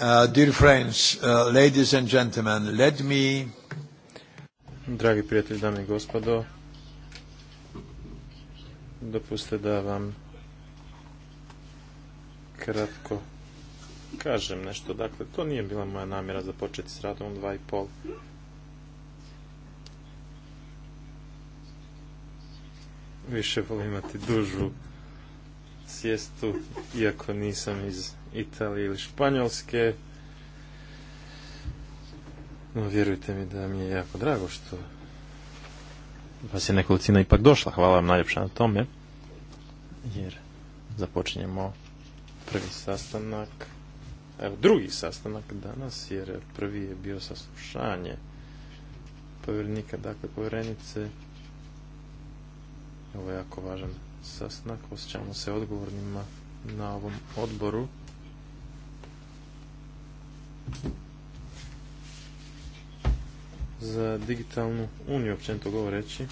Uh, dear friends, uh, ladies and gentlemen, let me... Dragi prijatelji, dame i gospodo, dopuste da vam kratko kažem nešto. Dakle, to nije bila moja namjera za početi s radom dva i pol. Više volim imati dužu sjestu, iako nisam iz Italije ili Španjolske. No, vjerujte mi da mi je jako drago što vas je nekolicina ipak došla. Hvala vam najljepša na tome. Jer započinjemo prvi sastanak, evo drugi sastanak danas, jer prvi je bio saslušanje povjerenika, dakle povjerenice. Ovo je jako važan sastanak, osjećamo se odgovornima na ovom odboru. Za digitalnu uniju, općenito govoreći.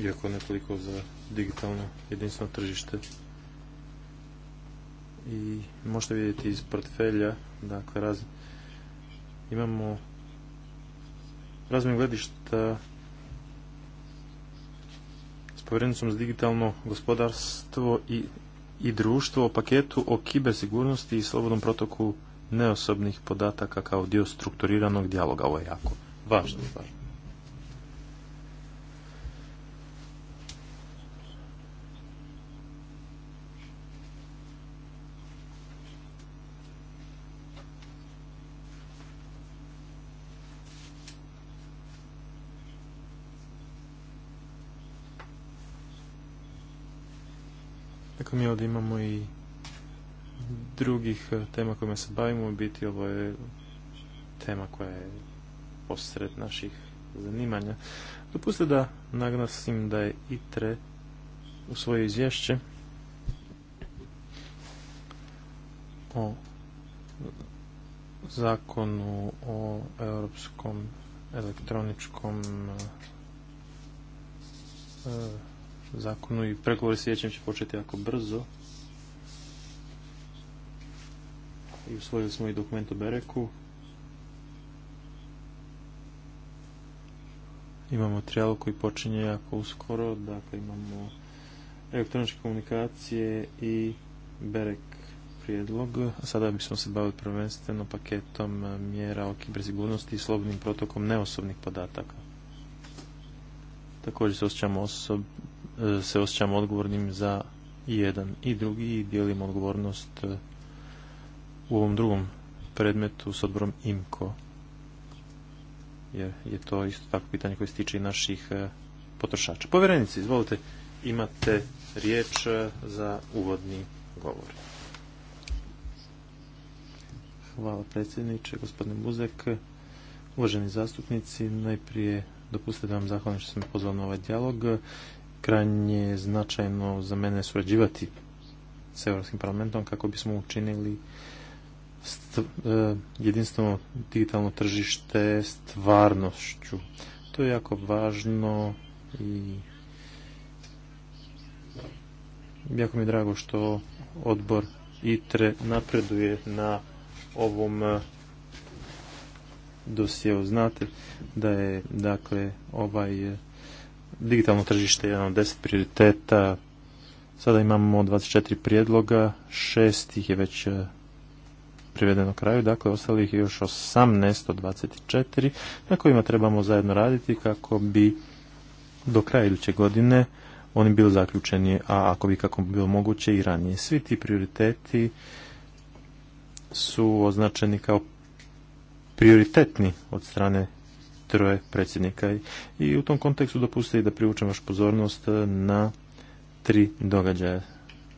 Iako nekoliko za digitalno jedinstveno tržište. I možete vidjeti iz portfelja, dakle, raz... imamo razmijem gledišta s povjerenicom za digitalno gospodarstvo i, i društvo o paketu o kibersigurnosti i slobodnom protoku neosobnih podataka kao dio strukturiranog dijaloga. Ovo je jako važno. važno. mi ovdje imamo i drugih e, tema kojima se bavimo, u biti ovo je tema koja je posred naših zanimanja. Dopustite da naglasim da je ITRE u svoje izvješće o zakonu o europskom elektroničkom e, zakonu i pregovori s će početi jako brzo. I usvojili smo i dokument o Bereku. Imamo trijal koji počinje jako uskoro, dakle imamo elektroničke komunikacije i Berek prijedlog. A sada bismo se bavili prvenstveno paketom e, mjera o kibersigurnosti i slobodnim protokom neosobnih podataka. Također se osjećamo osob, E, se osjećamo odgovornim za i jedan i drugi i dijelimo odgovornost e, u ovom drugom predmetu s odborom IMKO jer je to isto tako pitanje koje se tiče i naših e, potrošača. Povjerenici, izvolite, imate riječ za uvodni govor. Hvala predsjedniče, gospodine Buzek, uvaženi zastupnici, najprije dopustite da vam zahvalim što sam pozvao na ovaj dijalog krajnje značajno za mene surađivati s Europskim parlamentom kako bismo učinili e, jedinstveno digitalno tržište stvarnošću. To je jako važno i jako mi je drago što odbor ITRE napreduje na ovom e, dosjeu. Znate da je dakle ovaj digitalno tržište je jedan od deset prioriteta. Sada imamo 24 prijedloga, šest ih je već e, privedeno kraju, dakle ostalih je još 18 od 24 na kojima trebamo zajedno raditi kako bi do kraja iduće godine oni bili zaključeni, a ako bi kako bi bilo moguće i ranije. Svi ti prioriteti su označeni kao prioritetni od strane troje predsjednika. I u tom kontekstu dopustite da privučem vašu pozornost eh, na tri događaja.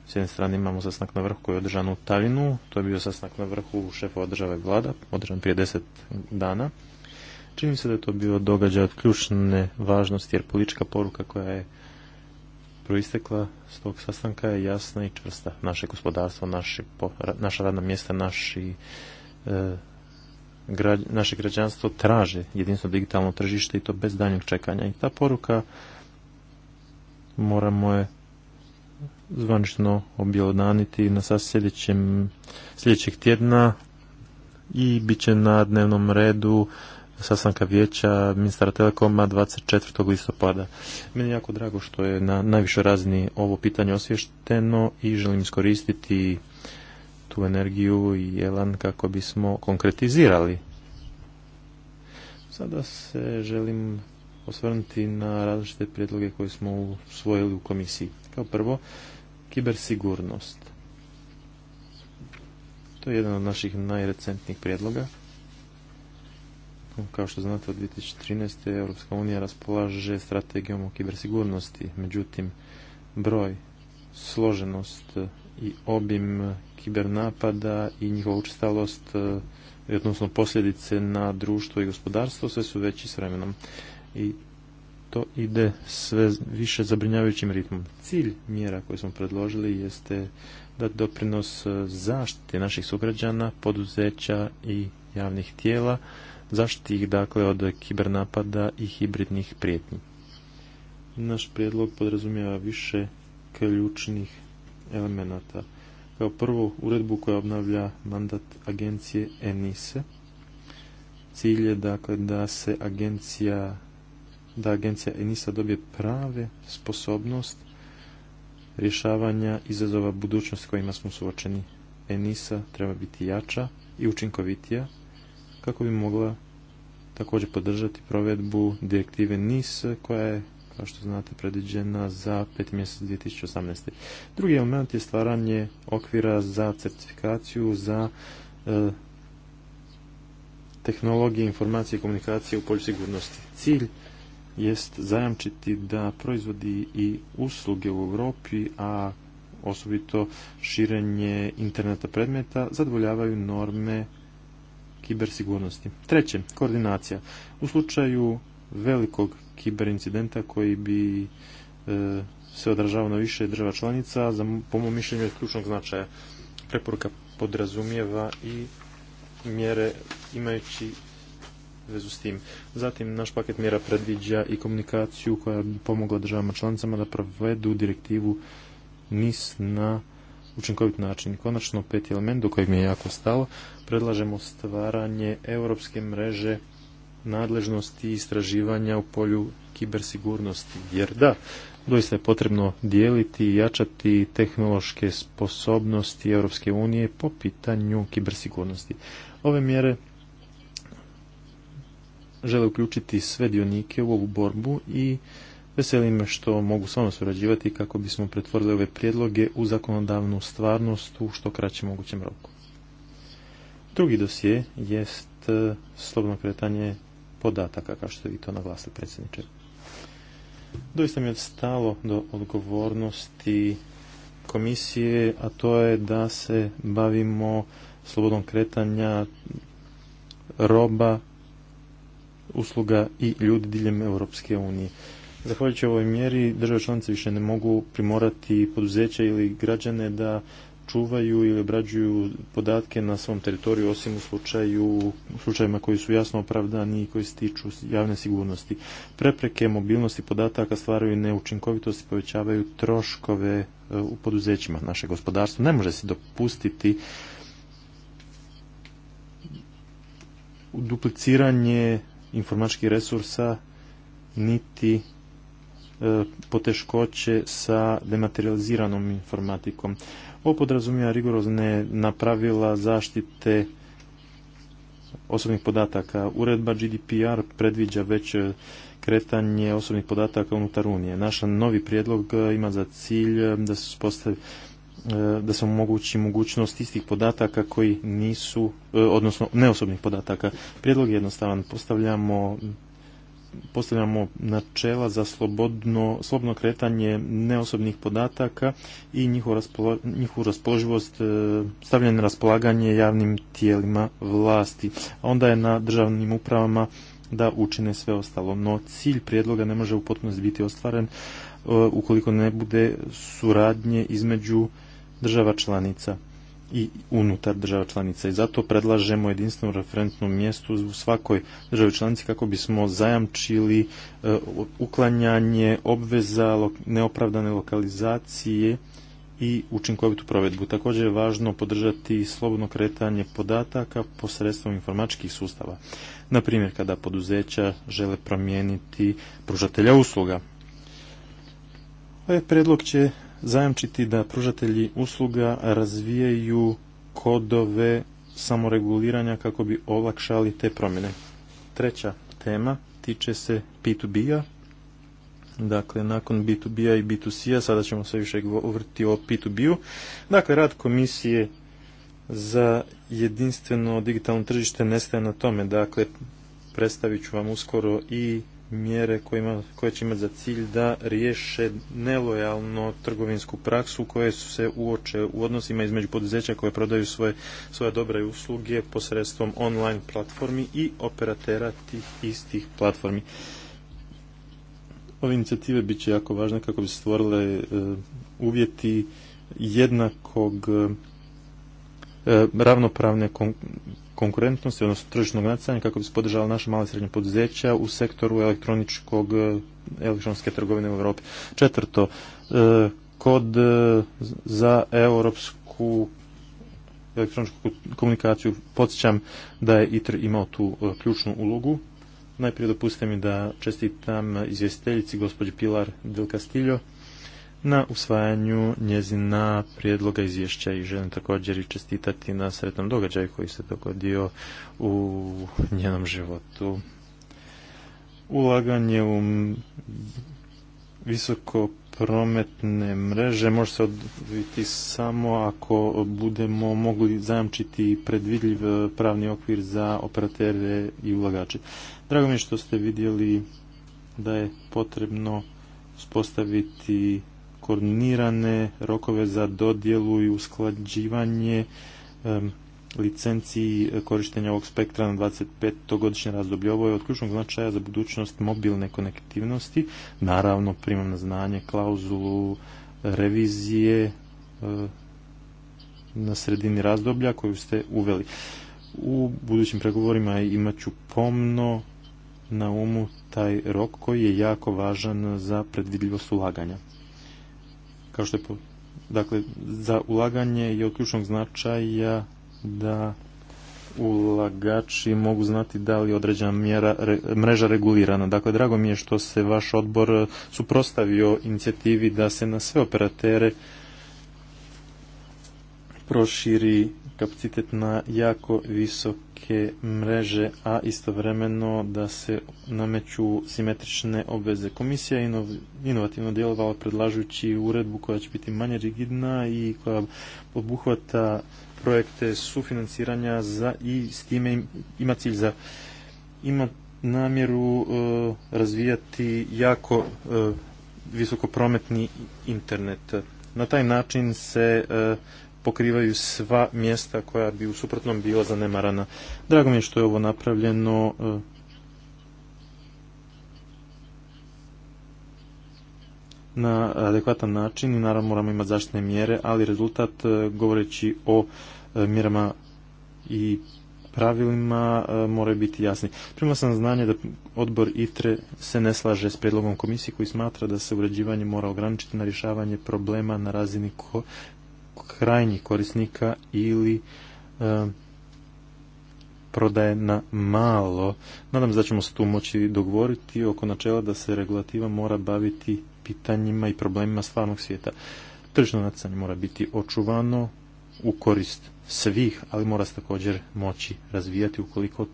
S jedne strane imamo sastanak na vrhu koji je održan u Talinu, to je bio sastanak na vrhu šefova države vlada, održan prije deset dana. Čini se da je to bio događaj od ključne važnosti jer politička poruka koja je proistekla s tog sastanka je jasna i čvrsta. Naše gospodarstvo, naši, naša radna mjesta, naši eh, naše građanstvo traže jedinstveno digitalno tržište i to bez danjeg čekanja. I ta poruka moramo je zvanično objelodaniti na sljedećem, sljedećeg tjedna i bit će na dnevnom redu sastanka vijeća ministara Telekoma 24. listopada. Meni je jako drago što je na najvišoj razini ovo pitanje osvješteno i želim iskoristiti tu energiju i jelan kako bismo konkretizirali. Sada se želim osvrnuti na različite prijedloge koje smo usvojili u komisiji. Kao prvo, kibersigurnost. To je jedan od naših najrecentnijih prijedloga. Kao što znate, od 2013. Europska unija raspolaže strategijom o kibersigurnosti. Međutim, broj, složenost i obim kibernapada i njihova učestalost, e, odnosno posljedice na društvo i gospodarstvo, sve su veći s vremenom. I to ide sve više zabrinjavajućim ritmom. Cilj mjera koje smo predložili jeste da doprinos e, zaštite naših sugrađana, poduzeća i javnih tijela, zaštiti ih dakle od kibernapada i hibridnih prijetnji. Naš prijedlog podrazumijeva više ključnih elemenata kao prvo uredbu koja obnavlja mandat agencije ENISE. Cilj je dakle da se agencija da agencija ENISA dobije prave sposobnost rješavanja izazova budućnosti kojima smo suočeni. ENISA treba biti jača i učinkovitija kako bi mogla također podržati provedbu direktive NIS e koja je kao što znate, predviđena za 5. mjesec 2018. Drugi element je stvaranje okvira za certifikaciju za e, tehnologije, informacije i komunikacije u polju sigurnosti. Cilj jest zajamčiti da proizvodi i usluge u Europi, a osobito širenje interneta predmeta, zadovoljavaju norme kibersigurnosti. Treće, koordinacija. U slučaju velikog kiberincidenta koji bi e, se odražavao na više država članica, za, po mom mišljenju je ključnog značaja. Preporuka podrazumijeva i mjere imajući vezu s tim. Zatim naš paket mjera predviđa i komunikaciju koja bi pomogla državama članicama da provedu direktivu NIS na učinkovit način. Konačno, peti element do kojeg mi je jako stalo, predlažemo stvaranje europske mreže nadležnosti i istraživanja u polju kibersigurnosti. Jer da, doista je potrebno dijeliti i jačati tehnološke sposobnosti Europske unije po pitanju kibersigurnosti. Ove mjere žele uključiti sve dionike u ovu borbu i veseli me što mogu s vama surađivati kako bismo pretvorili ove prijedloge u zakonodavnu stvarnost u što kraćem mogućem roku. Drugi dosje jest eh, slobodno kretanje podataka, kao što vi to naglasili, predsjedniče. Doista mi je stalo do odgovornosti komisije, a to je da se bavimo slobodom kretanja roba, usluga i ljudi diljem Europske unije. Zahvaljujući ovoj mjeri države članice više ne mogu primorati poduzeća ili građane da čuvaju ili obrađuju podatke na svom teritoriju osim u slučaju u slučajevima koji su jasno opravdani i koji se tiču javne sigurnosti. Prepreke mobilnosti podataka stvaraju neučinkovitost i povećavaju troškove e, u poduzećima. Naše gospodarstvo ne može se dopustiti dupliciranje informačkih resursa niti e, poteškoće sa dematerializiranom informatikom. Ovo podrazumija rigorozne napravila zaštite osobnih podataka. Uredba GDPR predviđa već e, kretanje osobnih podataka unutar Unije. Naš novi prijedlog e, ima za cilj e, da se da se omogući mogućnost istih podataka koji nisu, odnosno neosobnih podataka. Prijedlog je jednostavan. Postavljamo postavljamo načela za slobodno, slobodno kretanje neosobnih podataka i njihovu raspolo, njihov raspoloživost e, stavljanje na raspolaganje javnim tijelima vlasti. A onda je na državnim upravama da učine sve ostalo. No cilj prijedloga ne može u potpunosti biti ostvaren e, ukoliko ne bude suradnje između država članica i unutar država članica i zato predlažemo jedinstveno referentno mjesto u svakoj državi članici kako bismo zajamčili e, uklanjanje obveza neopravdane lokalizacije i učinkovitu provedbu. Također je važno podržati slobodno kretanje podataka posredstvom informačkih sustava. Na primjer, kada poduzeća žele promijeniti pružatelja usluga. Ovaj predlog će zajamčiti da pružatelji usluga razvijaju kodove samoreguliranja kako bi olakšali te promjene. Treća tema tiče se P2B-a. Dakle, nakon B2B-a i B2C-a sada ćemo sve više govoriti o P2B-u. Dakle, rad komisije za jedinstveno digitalno tržište nestaje na tome. Dakle, predstavit ću vam uskoro i mjere koje će imati za cilj da riješe nelojalno trgovinsku praksu koje su se uoče u odnosima između poduzeća koje prodaju svoje, svoje dobre usluge posredstvom online platformi i operatera tih istih platformi. Ove inicijative bit će jako važne kako bi se stvorile e, uvjeti jednakog e, e, ravnopravne konkurentnosti, odnosno tržišnog nacanja kako bi se podržala naša mala i srednja poduzeća u sektoru elektroničkog e, elektronske trgovine u Europi. Četvrto, e, kod e, za europsku elektroničku komunikaciju podsjećam da je ITR imao tu ključnu ulogu. Najprije dopustite mi da čestitam izvjestiteljici gospođi Pilar Del Castillo na usvajanju njezina prijedloga izvješća i želim također i čestitati na sretnom događaju koji se dogodio u njenom životu. Ulaganje u visoko mreže može se odviti samo ako budemo mogli zajamčiti predvidljiv e, pravni okvir za operatere i ulagače. Drago mi je što ste vidjeli da je potrebno uspostaviti koordinirane rokove za dodjelu i usklađivanje licenciji korištenja ovog spektra na 25-godišnje razdoblje. Ovo je od ključnog značaja za budućnost mobilne konektivnosti. Naravno, primam na znanje klauzulu revizije e, na sredini razdoblja koju ste uveli. U budućim pregovorima imat ću pomno na umu taj rok koji je jako važan za predvidljivost ulaganja kao što je dakle za ulaganje je od ključnog značaja da ulagači mogu znati da li je određena mjera, mreža regulirana. Dakle, drago mi je što se vaš odbor suprostavio inicijativi da se na sve operatere proširi kapacitet na jako visoke mreže, a istovremeno da se nameću simetrične obveze. Komisija je inovativno djelovala predlažući uredbu koja će biti manje rigidna i koja obuhvata projekte sufinanciranja i s time ima cilj za ima namjeru e, razvijati jako e, visokoprometni internet. Na taj način se e, pokrivaju sva mjesta koja bi u suprotnom bila zanemarana. Drago mi je što je ovo napravljeno. E, na adekvatan način i naravno moramo imati zaštitne mjere, ali rezultat e, govoreći o e, mjerama i pravilima moraju biti jasni. Prima sam znanje da odbor ITRE se ne slaže s prijedlogom komisije koji smatra da se uređivanje mora ograničiti na rješavanje problema na razini krajnjih korisnika ili e, prodaje na malo. Nadam se da ćemo se tu moći dogovoriti oko načela da se regulativa mora baviti pitanjima i problemima stvarnog svijeta. Tržno natjecanje mora biti očuvano u korist svih, ali mora se također moći razvijati ukoliko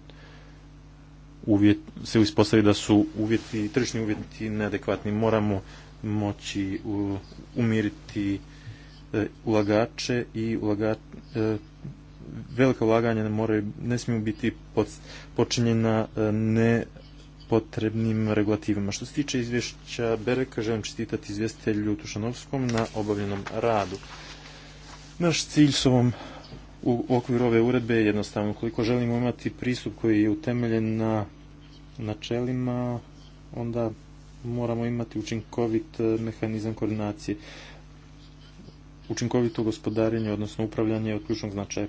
se ispostavi da su uvjeti, tržišni uvjeti neadekvatni. Moramo moći umiriti E, ulagače i e, velika ulaganja ne ne smiju biti počinjena e, nepotrebnim regulativama. Što se tiče izvješća Bereka, želim čestitati izvjestitelju Tušanovskom na obavljenom radu. Naš cilj s ovom u okviru ove uredbe je jednostavno. Koliko želimo imati pristup koji je utemeljen na načelima, onda moramo imati učinkovit mehanizam koordinacije. Učinkovito gospodarenje, odnosno upravljanje od ključnog značaja.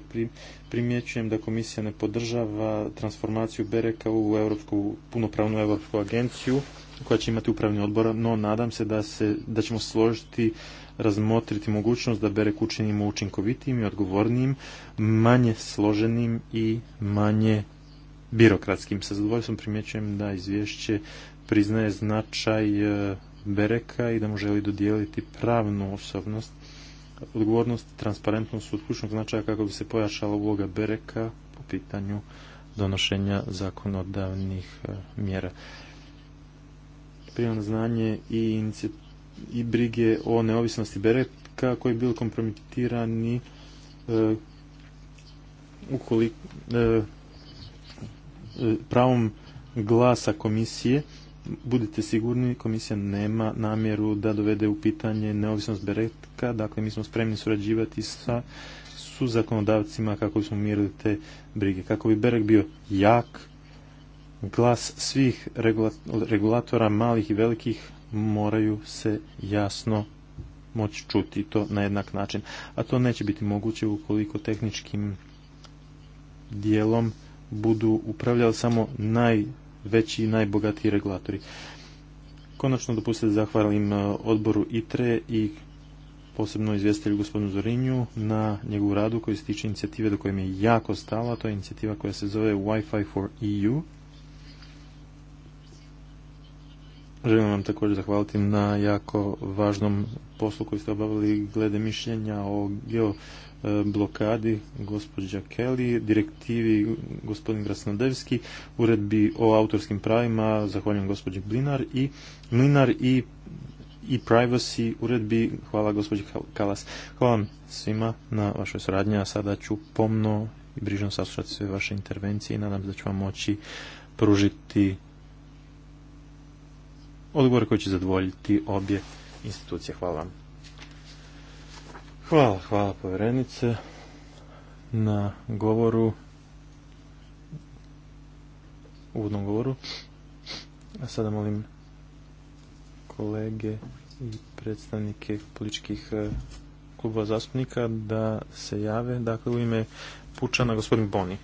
Primjećujem da komisija ne podržava transformaciju Bereka u punopravnu europsku agenciju koja će imati upravni odbor, no nadam se da, se, da ćemo složiti razmotriti mogućnost da Berek učinimo učinkovitim i odgovornijim, manje složenim i manje birokratskim. Sa zadovoljstvom primjećujem da izvješće priznaje značaj eh, Bereka i da mu želi dodijeliti pravnu osobnost odgovornost i transparentnost od ključnog značaja kako bi se pojačala uloga Bereka po pitanju donošenja zakonodavnih e, mjera. Primam znanje i, i brige o neovisnosti Bereka koji bi bili kompromitirani e, ukoliko e, pravom glasa komisije budite sigurni, komisija nema namjeru da dovede u pitanje neovisnost Bereka, dakle mi smo spremni surađivati sa su zakonodavcima kako bismo mirili te brige. Kako bi Berek bio jak, glas svih regulatora, malih i velikih, moraju se jasno moći čuti to na jednak način. A to neće biti moguće ukoliko tehničkim dijelom budu upravljali samo naj veći i najbogatiji regulatori. Konačno dopustite zahvalim e, odboru ITRE i posebno izvjestitelju gospodinu Zorinju na njegovu radu koji se tiče inicijative do koje mi je jako stala. To je inicijativa koja se zove Wi-Fi for EU. Želim vam također zahvaliti na jako važnom poslu koji ste obavili glede mišljenja o geo E, blokadi gospođa Kelly, direktivi gospodin Grasnodevski, uredbi o autorskim pravima, zahvaljujem gospođi Blinar i Mlinar i i privacy uredbi. Hvala gospođi Kalas. Hvala vam svima na vašoj suradnji, a sada ću pomno i brižno saslušati sve vaše intervencije i nadam se da ću vam moći pružiti odgovor koji će zadovoljiti obje institucije. Hvala vam. Hvala, hvala povjerenice na govoru uvodnom govoru. A sada molim kolege i predstavnike političkih e, klubova zastupnika da se jave. Dakle, u ime Pučana, gospodin Boni.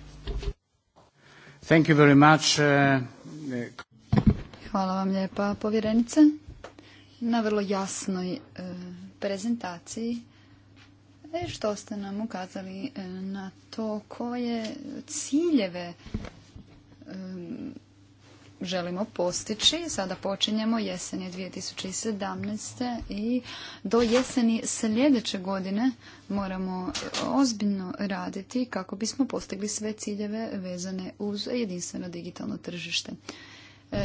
Thank you very much. E, hvala vam lijepa, povjerenice, na vrlo jasnoj e, prezentaciji E, što ste nam ukazali e, na to koje ciljeve e, želimo postići. Sada počinjemo jesenje 2017. i do jeseni sljedeće godine moramo ozbiljno raditi kako bismo postigli sve ciljeve vezane uz jedinstveno digitalno tržište.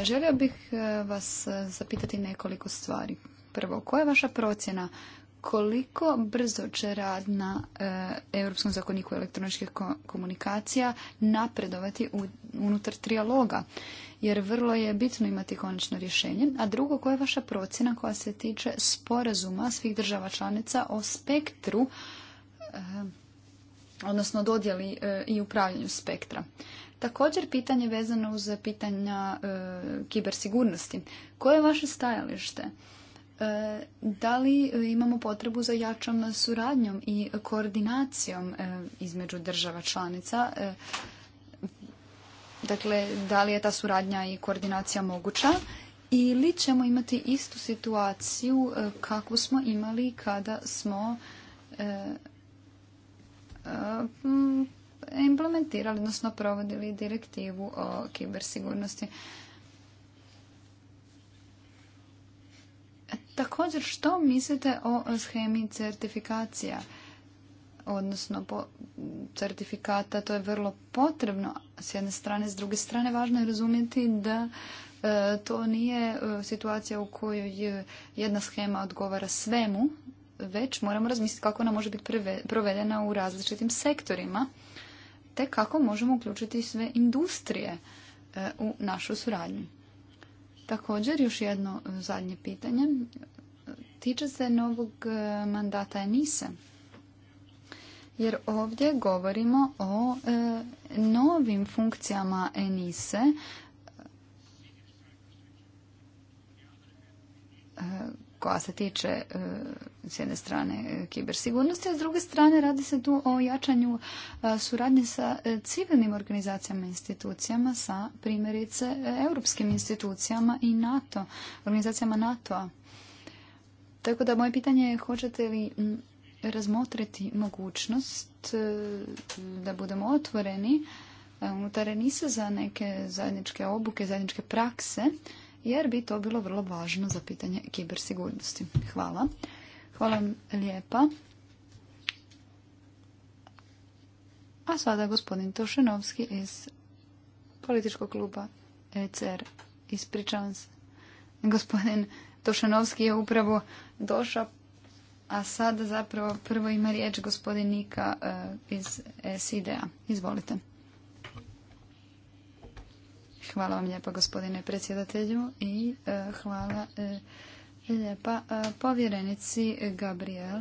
Želio bih vas zapitati nekoliko stvari. Prvo, koja je vaša procjena koliko brzo će rad na e, Europskom zakoniku elektroničkih komunikacija napredovati unutar trijaloga? Jer vrlo je bitno imati konačno rješenje. A drugo, koja je vaša procjena koja se tiče sporazuma svih država članica o spektru, e, odnosno dodjeli e, i upravljanju spektra? Također pitanje vezano uz pitanja kibersigurnosti. Koje je vaše stajalište? E, da li e, imamo potrebu za jačom suradnjom i koordinacijom e, između država članica? Dakle, da li je ta suradnja i koordinacija moguća? Ili ćemo imati istu situaciju kakvu smo imali kada smo implementirali, odnosno provodili direktivu o kibersigurnosti. Također, što mislite o schemi certifikacija? Odnosno, po certifikata to je vrlo potrebno s jedne strane, s druge strane važno je razumjeti da e, to nije e, situacija u kojoj jedna schema odgovara svemu, već moramo razmisliti kako ona može biti provedena u različitim sektorima, te kako možemo uključiti sve industrije e, u našu suradnju. Također, još jedno e, zadnje pitanje. E, tiče se novog e, mandata Enise. Jer ovdje govorimo o novim funkcijama Enise koja se tiče e, s jedne strane e, kibersigurnosti, a s druge strane radi se tu o jačanju e, suradnje sa civilnim organizacijama i institucijama, sa primjerice europskim institucijama i NATO, organizacijama NATO-a. Tako da moje pitanje je hoćete li razmotriti mogućnost da budemo otvoreni unutar NISA za neke zajedničke obuke, zajedničke prakse, jer bi to bilo vrlo važno za pitanje kibersigurnosti. Hvala. Hvala vam lijepa. A sada gospodin Tošenovski iz političkog kluba ECR. Ispričavam se. Gospodin Tošenovski je upravo došao, a sada zapravo prvo ima riječ gospodin Nika e, iz SID-a. Izvolite. Hvala vam lijepa gospodine predsjedatelju i e, hvala e, lijepa e, povjerenici Gabriel.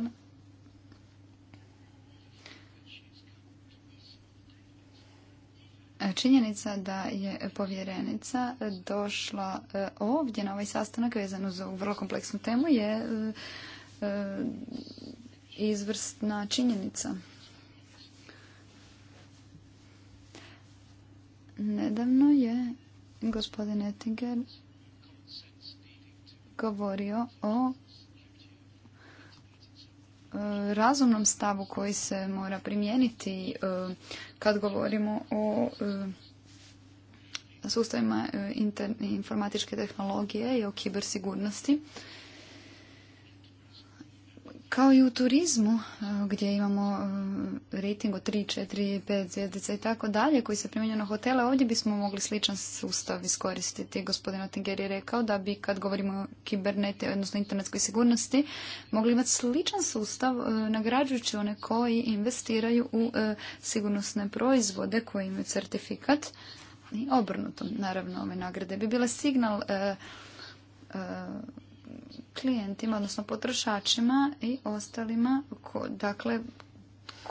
Činjenica da je povjerenica došla ovdje na ovaj sastanak vezanu za ovu vrlo kompleksnu temu je izvrstna činjenica. Nedavno je gospodin Ettinger govorio o e, razumnom stavu koji se mora primijeniti e, kad govorimo o e, sustavima informatičke tehnologije i o kibersigurnosti. sigurnosti. Kao i u turizmu, e, gdje imamo e, rating od 3, 4, 5 zvjezdica i tako dalje, koji se primjenjuje na hotele, ovdje bismo mogli sličan sustav iskoristiti. Gospodin Otinger je rekao da bi, kad govorimo o kibernete, odnosno internetskoj sigurnosti, mogli imati sličan sustav e, nagrađujući one koji investiraju u sigurnosne proizvode koji imaju certifikat i obrnuto. Naravno, ove nagrade bi bila signal klijentima, odnosno potrošačima i ostalima, dakle,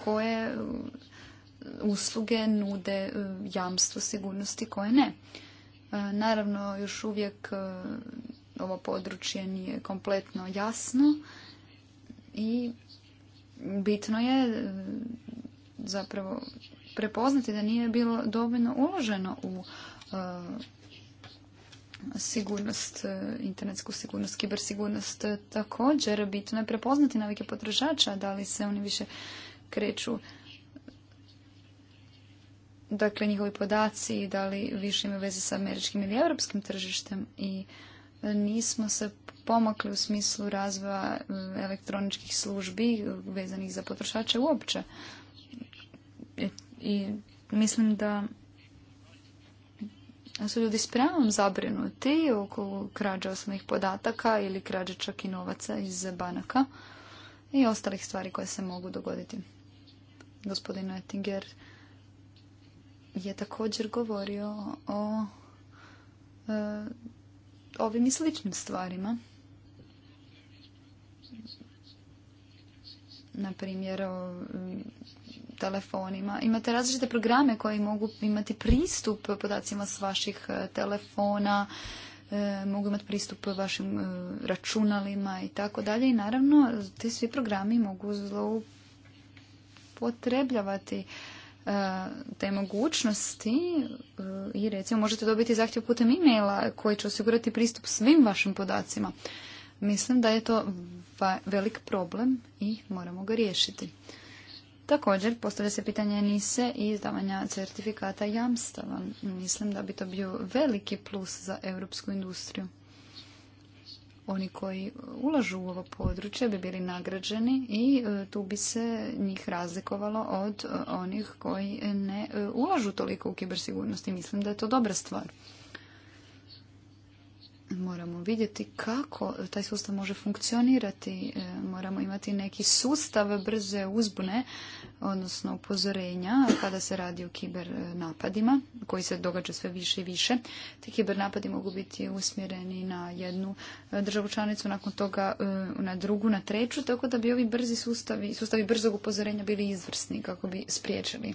koje uh, usluge nude uh, jamstvo sigurnosti, koje ne. Uh, naravno, još uvijek ovo područje nije kompletno jasno i bitno je zapravo prepoznati da nije bilo dovoljno uloženo u sigurnost, e, internetsku sigurnost, kibersigurnost. E, također, bitno je prepoznati navike potrošača, da li se oni više kreću dakle njihovi podaci, da li više imaju veze sa američkim ili europskim tržištem i e, nismo se pomakli u smislu razvoja elektroničkih službi vezanih za potrošače uopće. I mislim da su ljudi s pravom zabrinuti oko krađa osnovnih podataka ili krađa čak i novaca iz banaka i ostalih stvari koje se mogu dogoditi. Gospodin Oettinger je također govorio o e, ovim i sličnim stvarima. Na telefonima. Imate različite programe koji mogu imati pristup podacima s vaših e, telefona, e, mogu imati pristup vašim e, računalima i tako dalje. I naravno, ti svi programi mogu zloupotrebljavati te mogućnosti i recimo možete dobiti zahtjev putem e-maila koji će osigurati pristup svim vašim podacima. Mislim da je to velik problem i moramo ga riješiti. Također, postavlja se pitanje NISE i izdavanja certifikata jamstava. Mislim da bi to bio veliki plus za europsku industriju. Oni koji ulažu u ovo područje bi bili nagrađeni i e, tu bi se njih razlikovalo od e, onih koji ne e, ulažu toliko u kibersigurnost i mislim da je to dobra stvar moramo vidjeti kako taj sustav može funkcionirati. E, moramo imati neki sustav brze uzbune, odnosno upozorenja kada se radi o kiber napadima, koji se događa sve više i više. Ti kiber napadi mogu biti usmjereni na jednu e, državu članicu, nakon toga e, na drugu, na treću, tako da bi ovi brzi sustavi, sustavi brzog upozorenja bili izvrsni kako bi spriječili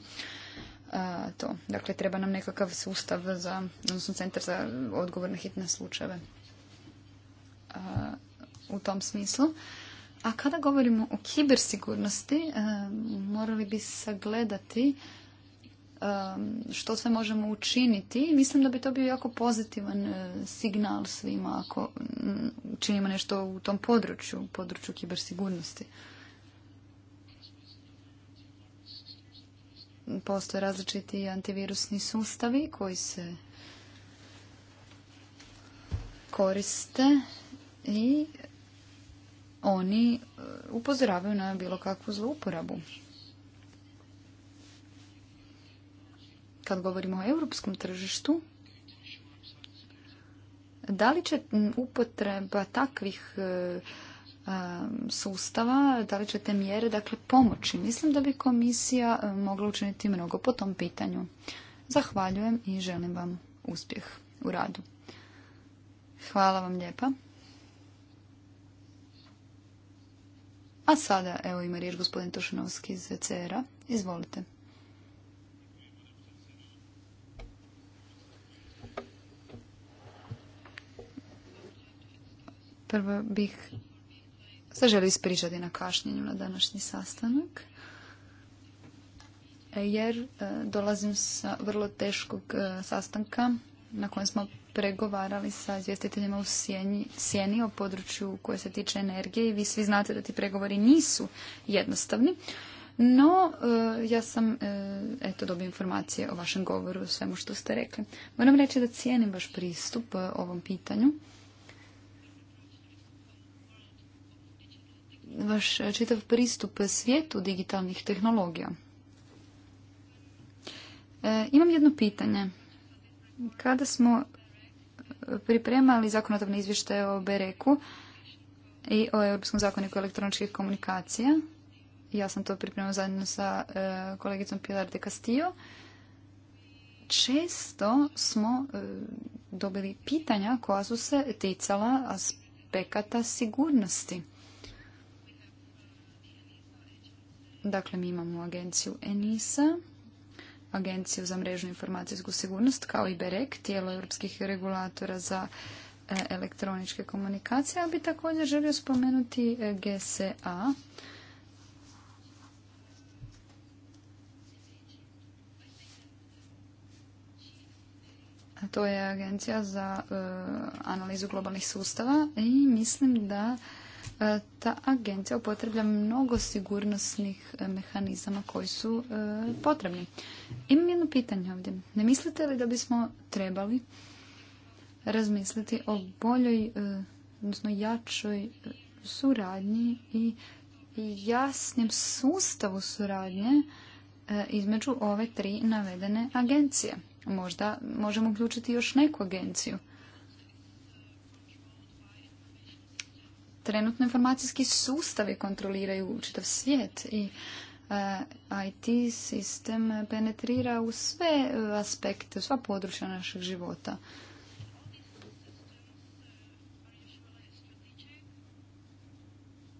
to. Dakle, treba nam nekakav sustav za, odnosno centar za odgovor na hitne slučajeve u tom smislu. A kada govorimo o kibersigurnosti, e, morali bi sagledati e, što sve možemo učiniti. Mislim da bi to bio jako pozitivan e, signal svima ako učinimo nešto u tom području, području kibersigurnosti. postoje različiti antivirusni sustavi koji se koriste i oni e, upozoravaju na bilo kakvu zlouporabu. Kad govorimo o europskom tržištu, da li će upotreba takvih e, sustava, da li će mjere dakle, pomoći. Mislim da bi komisija mogla učiniti mnogo po tom pitanju. Zahvaljujem i želim vam uspjeh u radu. Hvala vam lijepa. A sada, evo ima riječ gospodin Tošinovski iz CR-a. Izvolite. Prvo bih se želi ispričati na kašnjenju na današnji sastanak e, jer e, dolazim sa vrlo teškog e, sastanka na kojem smo pregovarali sa izvjestiteljima u sjeni, sjeni o području koje se tiče energije i vi svi znate da ti pregovori nisu jednostavni. No, ja sam, eto, dobio informacije o vašem govoru, o svemu što ste rekli. Moram reći da cijenim vaš pristup ovom pitanju. vaš e, čitav pristup svijetu digitalnih tehnologija. E, imam jedno pitanje. Kada smo e, pripremali zakonodavne izvještaje o Bereku i o Europskom zakoniku elektroničkih komunikacija, ja sam to pripremila zajedno sa kolegicom Pilar de Castillo, često smo dobili pitanja koja su se ticala aspekata sigurnosti. Dakle, mi imamo agenciju ENISA, agenciju za mrežnu informacijsku sigurnost, kao i BEREK, tijelo europskih regulatora za e, elektroničke komunikacije, ja bi također želio spomenuti e, GSA, to je agencija za e, analizu globalnih sustava i mislim da E, ta agencija upotreblja mnogo sigurnosnih e, mehanizama koji su e, potrebni. Imam jedno pitanje ovdje. Ne mislite li da bismo trebali razmisliti o boljoj, odnosno jačoj suradnji i jasnim sustavu suradnje između ove tri navedene agencije? Možda možemo uključiti još neku agenciju trenutno informacijski sustavi kontroliraju čitav svijet i eh, IT sistem penetrira u sve aspekte, u sva područja našeg života.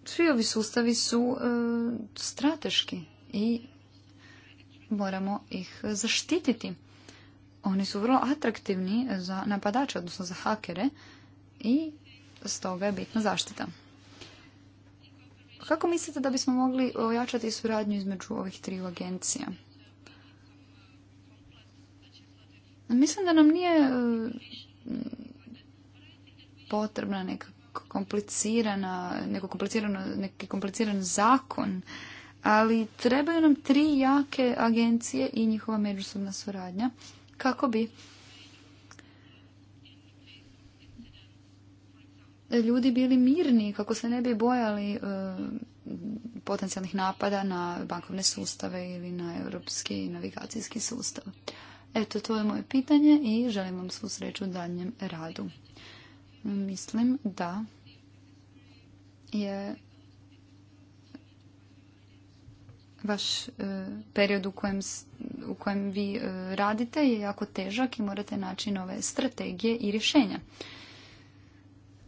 Svi ovi sustavi su eh, strateški i moramo ih zaštititi. Oni su vrlo atraktivni za napadače, odnosno za hakere i stoga je bitna zaštita. Kako mislite da bismo mogli ojačati suradnju između ovih triju agencija? Mislim da nam nije e, potrebna neka komplicirana, neko neki kompliciran zakon, ali trebaju nam tri jake agencije i njihova međusobna suradnja kako bi ljudi bili mirni, kako se ne bi bojali e, potencijalnih napada na bankovne sustave ili na europski navigacijski sustav. Eto, to je moje pitanje i želim vam svu sreću u daljem radu. Mislim da je vaš e, period u kojem, u kojem vi e, radite je jako težak i morate naći nove strategije i rješenja.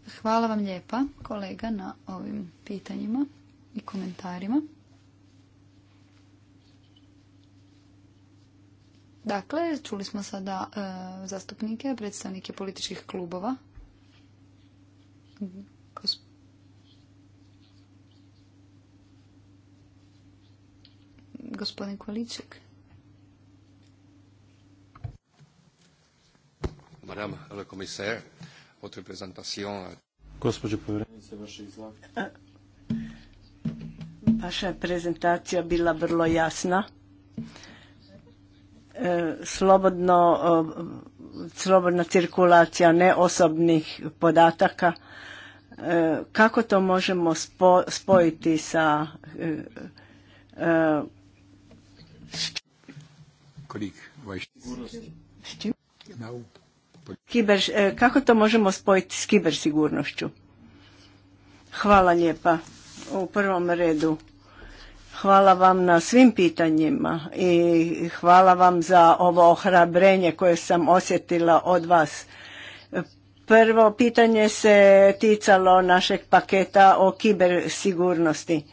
Hvala vam lijepa kolega na ovim pitanjima i komentarima. Dakle, čuli smo sada e, zastupnike, predstavnike političkih klubova. Gospodin Količek. Madame le votre présentation. Euh. Vaša je prezentacija bila vrlo jasna. E, slobodno, slobodna cirkulacija neosobnih podataka. E, kako to možemo spojiti sa e, Kolik, s Kiber, e, kako to možemo spojiti s kibersigurnošću? Hvala lijepa u prvom redu. Hvala vam na svim pitanjima i hvala vam za ovo ohrabrenje koje sam osjetila od vas. Prvo pitanje se ticalo našeg paketa o kibersigurnosti.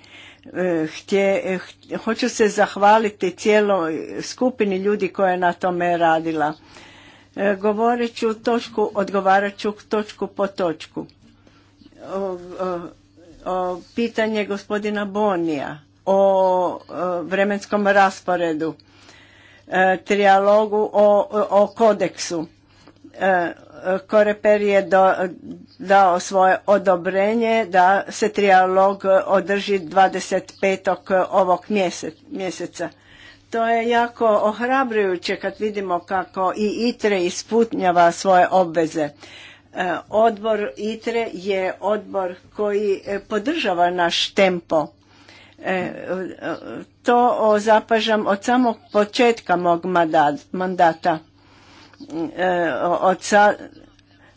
E, htje, e, hoću se zahvaliti cijeloj skupini ljudi koja je na tome radila. E, govorit ću točku, odgovarat ću točku po točku. O, pitanje gospodina Bonija o e, vremenskom rasporedu, e, trijalogu o kodeksu. Koreper je dao svoje odobrenje da se trijalog održi 25. ovog mjeseca. To je jako ohrabrujuće kad vidimo kako i ITRE isputnjava svoje obveze. E, odbor ITRE je odbor koji e, podržava naš tempo. E, to zapažam od samog početka mog mandata. Od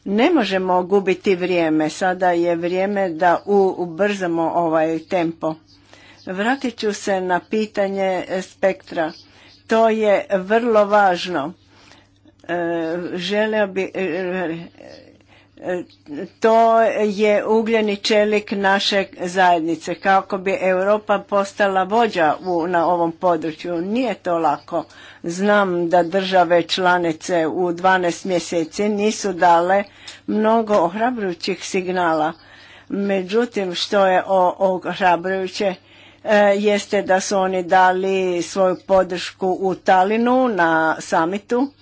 Ne možemo gubiti vrijeme, sada je vrijeme da ubrzamo ovaj tempo Vratit ću se na pitanje spektra. To je vrlo važno. E, želeo bi, e, e, to je ugljeni čelik naše zajednice, kako bi Europa postala vođa u, na ovom području. Nije to lako. Znam da države članice u 12 mjeseci nisu dale mnogo ohrabrujućih signala. Međutim, što je ohrabrujuće, E, jeste da su oni dali svoju podršku u Talinu na samitu.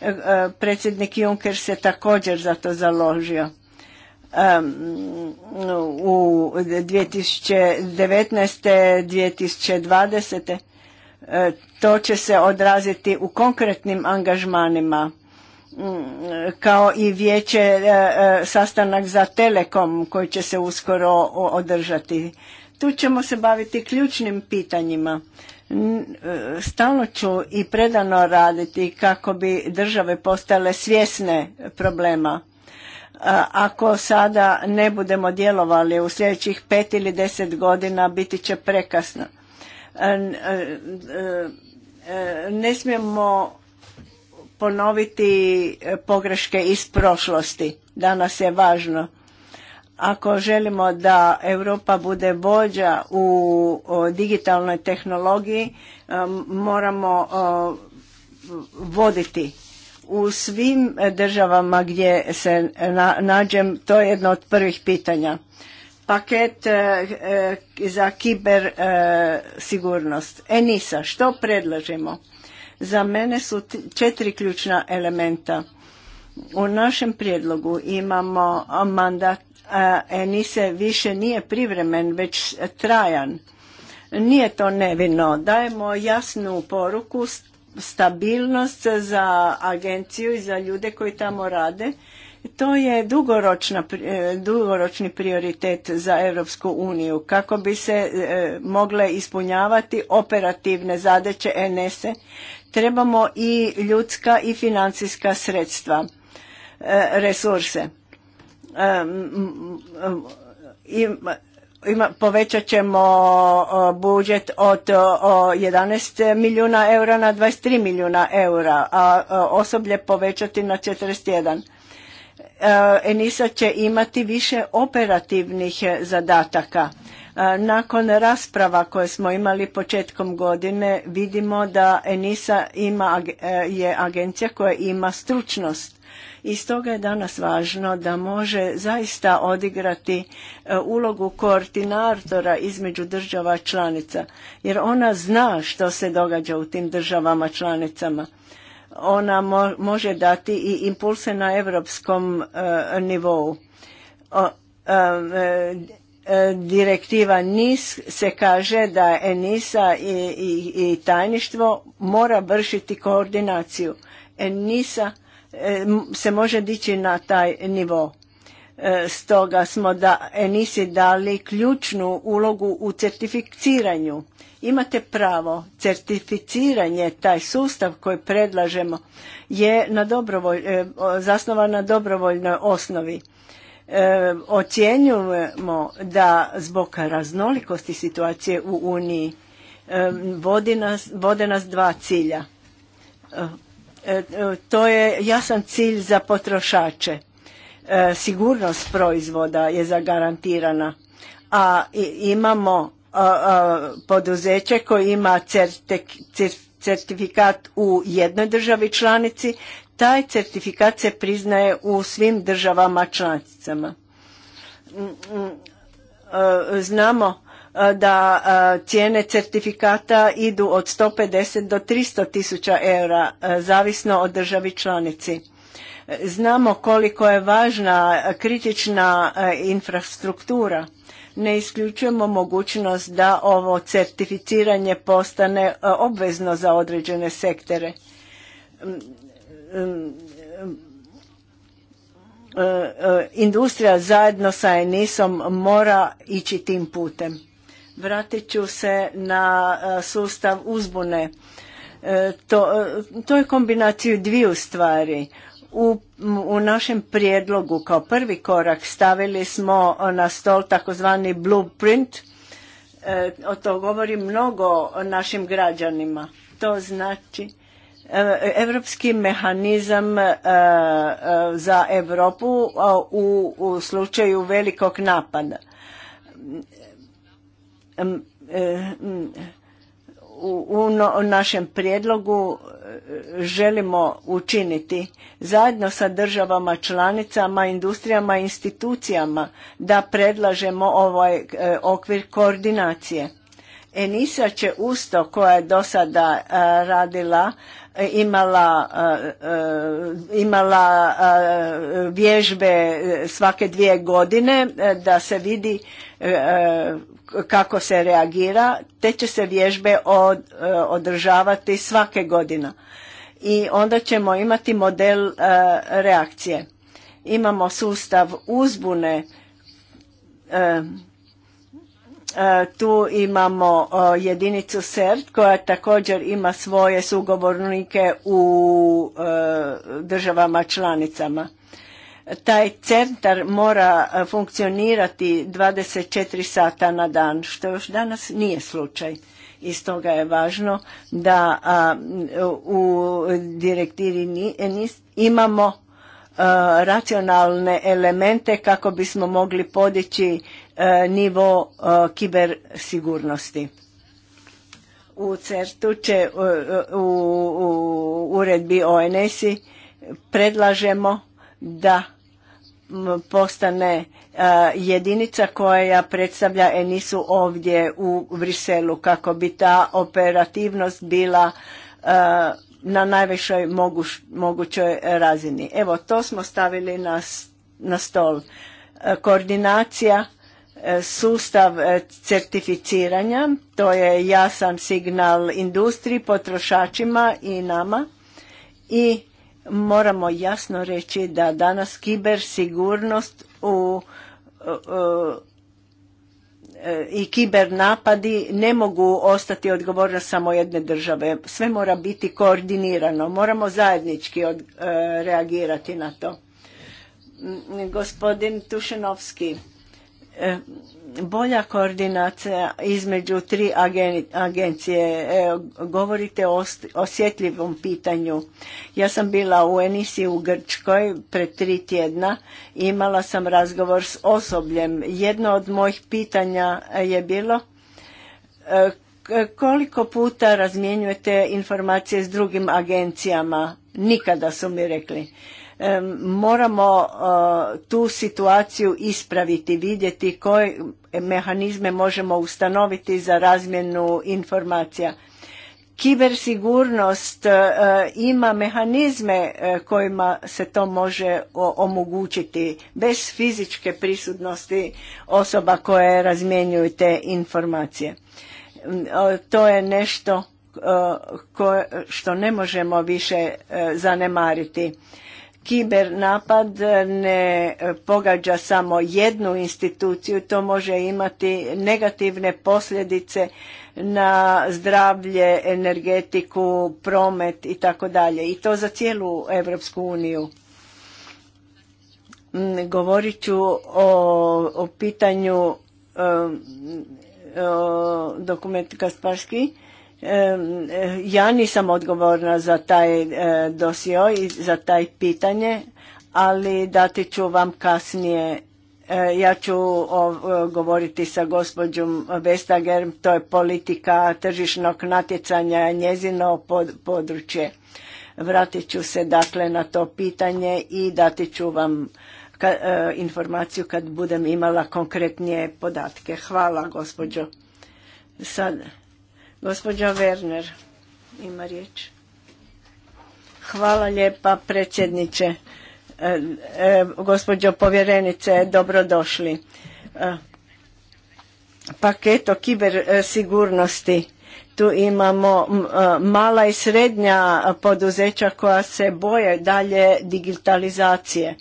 E, e, predsjednik Juncker se također za to založio. U 2019. 2020. to će se odraziti u konkretnim angažmanima mm, kao i vijeće sastanak za Telekom koji će se uskoro održati. Tu ćemo se baviti ključnim pitanjima. E, stalno ću i predano raditi kako bi države postale svjesne problema. Ako sada ne budemo djelovali u sljedećih pet ili deset godina, biti će prekasno. E, e, ne smijemo ponoviti pogreške iz prošlosti. Danas je važno ako želimo da Europa bude vođa u digitalnoj tehnologiji, e, moramo voditi u svim državama gdje se nađem, to je jedno od prvih pitanja. Paket e, e, za kiber sigurnost. Enisa, što predlažemo? Za mene su četiri ključna elementa. U našem prijedlogu imamo mandat Enise više nije privremen, već trajan. Nije to nevino. Dajemo jasnu poruku, stabilnost za agenciju i za ljude koji tamo rade. To je dugoročna, e, dugoročni prioritet za Europsku uniju kako bi se e, mogle ispunjavati operativne zadeće NSE Trebamo i ljudska i financijska sredstva, e, resurse povećat ćemo budžet od 11 milijuna eura na 23 milijuna eura, a osoblje povećati na 41. E, Enisa će imati više operativnih zadataka. E, nakon rasprava koje smo imali početkom godine vidimo da Enisa ima, e, je agencija koja ima stručnost i stoga je danas važno da može zaista odigrati e, ulogu koordinatora između država članica jer ona zna što se događa u tim državama članicama ona može dati i impulse na europskom e, nivou e, direktiva NIS se kaže da ENISA i, i tajništvo mora vršiti koordinaciju. ENISA E, se može dići na taj nivo. E, stoga smo da Enisi dali ključnu ulogu u certificiranju. Imate pravo, certificiranje, taj sustav koji predlažemo je na e, zasnovan na dobrovoljnoj osnovi. E, ocjenjujemo da zbog raznolikosti situacije u Uniji vodi nas, vode nas dva cilja. E, e, to je jasan cilj za potrošače. E, sigurnost proizvoda je zagarantirana, a imamo poduzeće koje ima certifikat u jednoj državi članici, taj certifikat se priznaje u svim državama članicama. Mm, mm, znamo E, da e, cijene certifikata idu od 150 do 300 tisuća eura, e, zavisno od državi članici. Znamo koliko je važna kritična infrastruktura. Ne isključujemo mogućnost da ovo certificiranje postane obvezno za određene sektore. Industrija zajedno sa ENIS-om mora ići tim putem Vratit ću se na e, sustav uzbune. E, to, e, to je kombinaciju dviju stvari. U, u našem prijedlogu kao prvi korak stavili smo na stol takozvani blueprint. O to govori mnogo našim građanima. To znači evropski mehanizam za Europu u slučaju velikog napada. Eh, u našem prijedlogu eh, želimo učiniti zajedno sa državama članicama, industrijama i institucijama da predlažemo ovaj eh, okvir koordinacije. Enisa će usto koja je do sada radila imala, imala vježbe svake dvije godine da se vidi kako se reagira, te će se vježbe e, održavati svake godine. I onda ćemo imati model e, reakcije. Imamo sustav uzbune, e, tu imamo jedinicu CERT koja također ima svoje sugovornike u državama članicama taj centar mora e, funkcionirati 24 sata na dan, što još danas nije slučaj. I stoga je važno da u direktivi ni, imamo e, racionalne elemente kako bismo mogli podići e, nivo kibersigurnosti. U certu u će u, u uredbi ONS-i predlažemo da postane jedinica koja predstavlja nisu ovdje u Briselu kako bi ta operativnost bila na najvišoj mogućoj razini. Evo, to smo stavili na stol. Koordinacija, sustav certificiranja, to je jasan signal industriji, potrošačima i nama i moramo jasno reći da danas kibersigurnost u i kiber napadi ne mogu ostati odgovornost samo jedne države. Sve mora biti koordinirano. Moramo zajednički e, reagirati na to. Gospodin Tušenovski, e, bolja koordinacija između tri agencije. govorite o osjetljivom pitanju. Ja sam bila u Enisi u Grčkoj pred tri tjedna. Imala sam razgovor s osobljem. Jedno od mojih pitanja je bilo e, koliko puta razmjenjujete informacije s drugim agencijama? Nikada su mi rekli. Moramo e, tu situaciju ispraviti, vidjeti koje mehanizme možemo ustanoviti za razmjenu informacija. Kibersigurnost e, ima mehanizme e, kojima se to može omogućiti bez fizičke prisutnosti osoba koje razmjenjuju te informacije. To je nešto što ne možemo više zanemariti kiber napad ne pogađa samo jednu instituciju, to može imati negativne posljedice na zdravlje, energetiku, promet i tako dalje. I to za cijelu Europsku uniju. Mm, govorit ću o, o pitanju e, o, o dokumentu Eh, ja nisam odgovorna za taj eh, dosio i za taj pitanje, ali dati ću vam kasnije eh, ja ću govoriti sa gospođom Vestager, to je politika tržišnog natjecanja, njezino područje. Vratit ću se dakle na to pitanje i dati ću vam informaciju kad budem imala konkretnije podatke. Hvala gospođo. Sada... Gospođa Werner ima riječ. Hvala lijepa predsjedniče. E, e, gospođo povjerenice, dobrodošli. E, paket o kibersigurnosti. E, tu imamo mala i srednja poduzeća koja se boje dalje digitalizacije.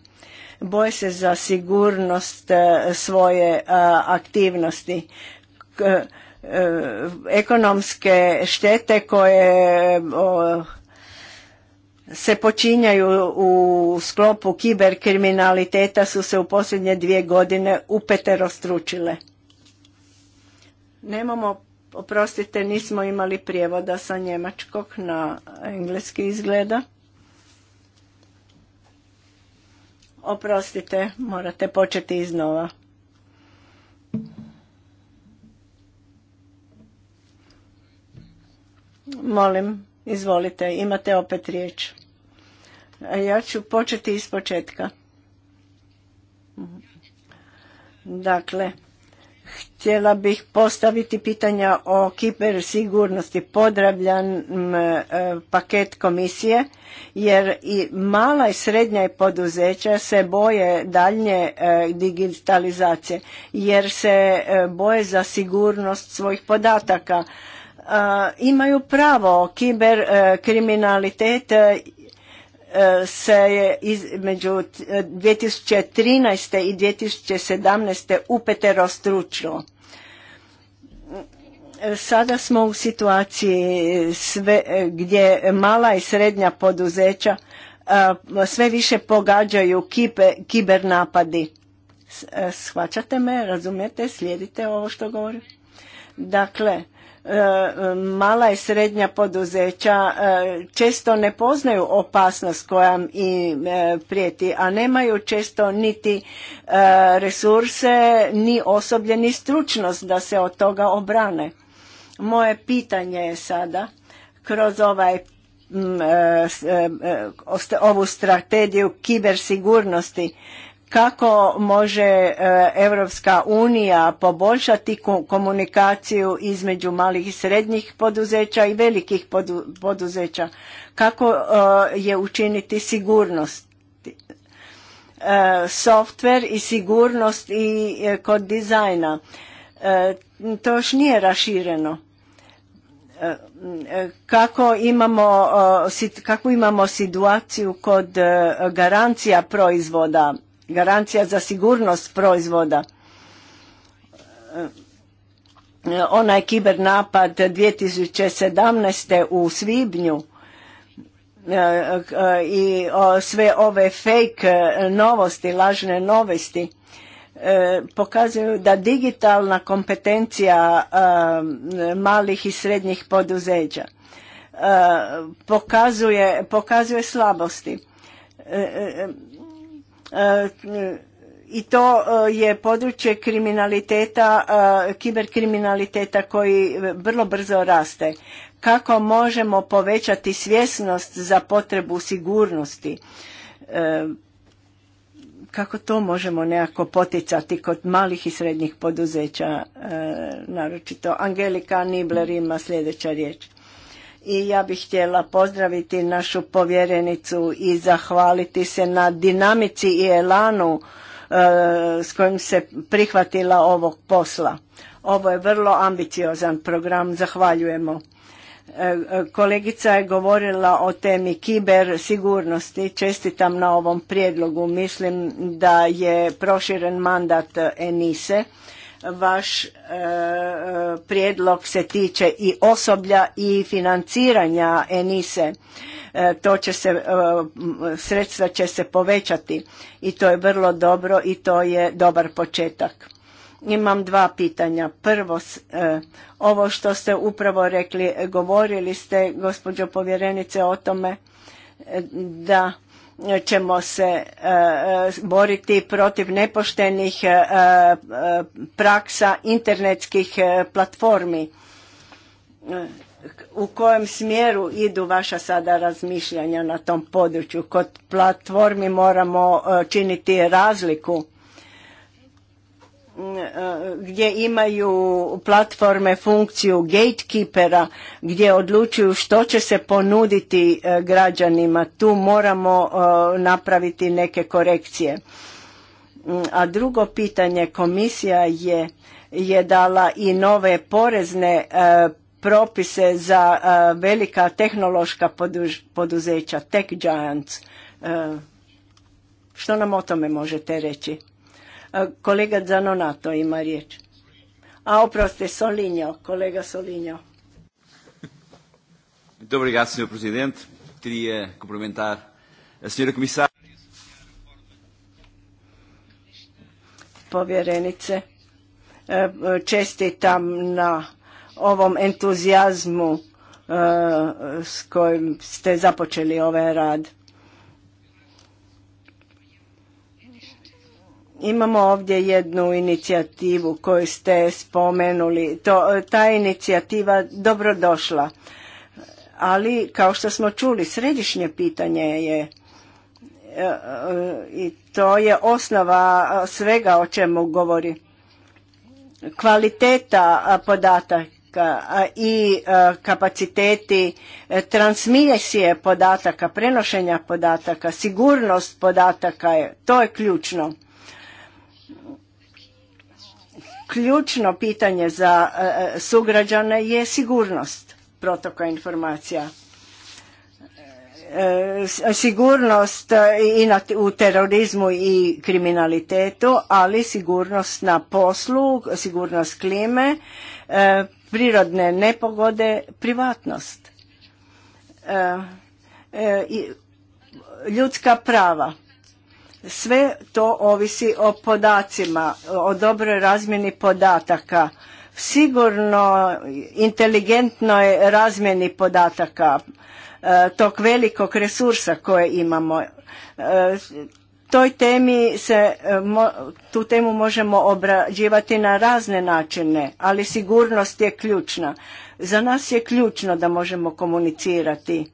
Boje se za sigurnost svoje aktivnosti. E, ekonomske štete koje se počinjaju u sklopu kiberkriminaliteta su se u posljednje dvije godine upeterostručile. Nemamo, oprostite, nismo imali prijevoda sa njemačkog na engleski izgleda. Oprostite, morate početi iznova. Molim, izvolite, imate opet riječ. Ja ću početi iz početka. Dakle, htjela bih postaviti pitanja o sigurnosti Podravljam e, paket komisije jer i mala i srednja poduzeća se boje daljnje e, digitalizacije jer se e, boje za sigurnost svojih podataka imaju pravo. Kiber e, kriminalitet e, e, se je između 2013. i 2017. upeterostručilo. Sada smo u situaciji sve, gdje mala i srednja poduzeća sve više pogađaju kipe, kiber napadi. Shvaćate me, razumijete, slijedite ovo što govorim? Dakle, E, mala i srednja poduzeća e, često ne poznaju opasnost koja i e, prijeti, a nemaju često niti resurse, ni osoblje, ni stručnost da se od toga obrane. Moje pitanje je sada, kroz ovaj ovu strategiju kibersigurnosti, kako može Europska unija poboljšati komunikaciju između malih i srednjih poduzeća i velikih poduzeća, kako e, je učiniti sigurnost e, softver i sigurnost i e, kod dizajna. To još nije rašireno. Kako imamo, kako imamo situaciju kod garancija proizvoda garancija za sigurnost proizvoda. Onaj kiber napad 2017. u Svibnju e, e, i sve ove fake novosti, lažne novosti e, pokazuju da digitalna kompetencija malih i srednjih poduzeća pokazuje, pokazuje slabosti i to eh, je područje kriminaliteta, eh, kiberkriminaliteta koji vrlo brzo raste. Kako možemo povećati svjesnost za potrebu sigurnosti? Eh, kako to možemo nekako poticati kod malih i srednjih poduzeća, naročito? Angelika Nibler ima sljedeća riječ i ja bih htjela pozdraviti našu povjerenicu i zahvaliti se na dinamici i elanu e, s kojim se prihvatila ovog posla. Ovo je vrlo ambiciozan program, zahvaljujemo. E, e, kolegica je govorila o temi kiber sigurnosti. čestitam na ovom prijedlogu, mislim da je proširen mandat Enise Vaš e, e, prijedlog se tiče i osoblja i financiranja Enise. E, to će se, sredstva će se povećati i to je vrlo dobro i to je dobar početak. Imam dva pitanja. Prvo, ovo što ste upravo rekli, govorili ste, gospođo povjerenice, o tome da ćemo se e, e, boriti protiv nepoštenih e, praksa internetskih platformi. U kojem smjeru idu vaša sada razmišljanja na tom području? Kod platformi moramo činiti razliku E, gdje imaju platforme funkciju gatekeepera gdje odlučuju što će se ponuditi e, građanima tu moramo e, napraviti neke korekcije mm, a drugo pitanje komisija je je dala i nove porezne propise za velika tehnološka poduzeća tech giants što nam o tome možete reći E, kolega Zanonato ima riječ. A oprosti, Solinjo, kolega Solinjo. Muito obrigado, Sr. Presidente. Queria cumprimentar a Povjerenice, e, čestitam na ovom entuzijazmu e, s kojim ste započeli ovaj rad Imamo ovdje jednu inicijativu koju ste spomenuli. To, ta inicijativa dobro došla, Ali, kao što smo čuli, središnje pitanje je e, e, i to je osnova svega o čemu govori. Kvaliteta podataka i kapaciteti e, transmisije podataka, prenošenja podataka, sigurnost podataka, to je ključno ključno pitanje za e, e, sugrađane je sigurnost protoka informacija. E, sigurnost i u terorizmu i kriminalitetu, ali sigurnost na poslu, sigurnost klime, prirodne nepogode, privatnost, ljudska prava sve to ovisi o podacima, o dobroj razmjeni podataka, sigurno inteligentnoj razmjeni podataka e, tog velikog resursa koje imamo. E, toj temi se, e, tu temu možemo obrađivati na razne načine, ali sigurnost je ključna. Za nas je ključno da možemo komunicirati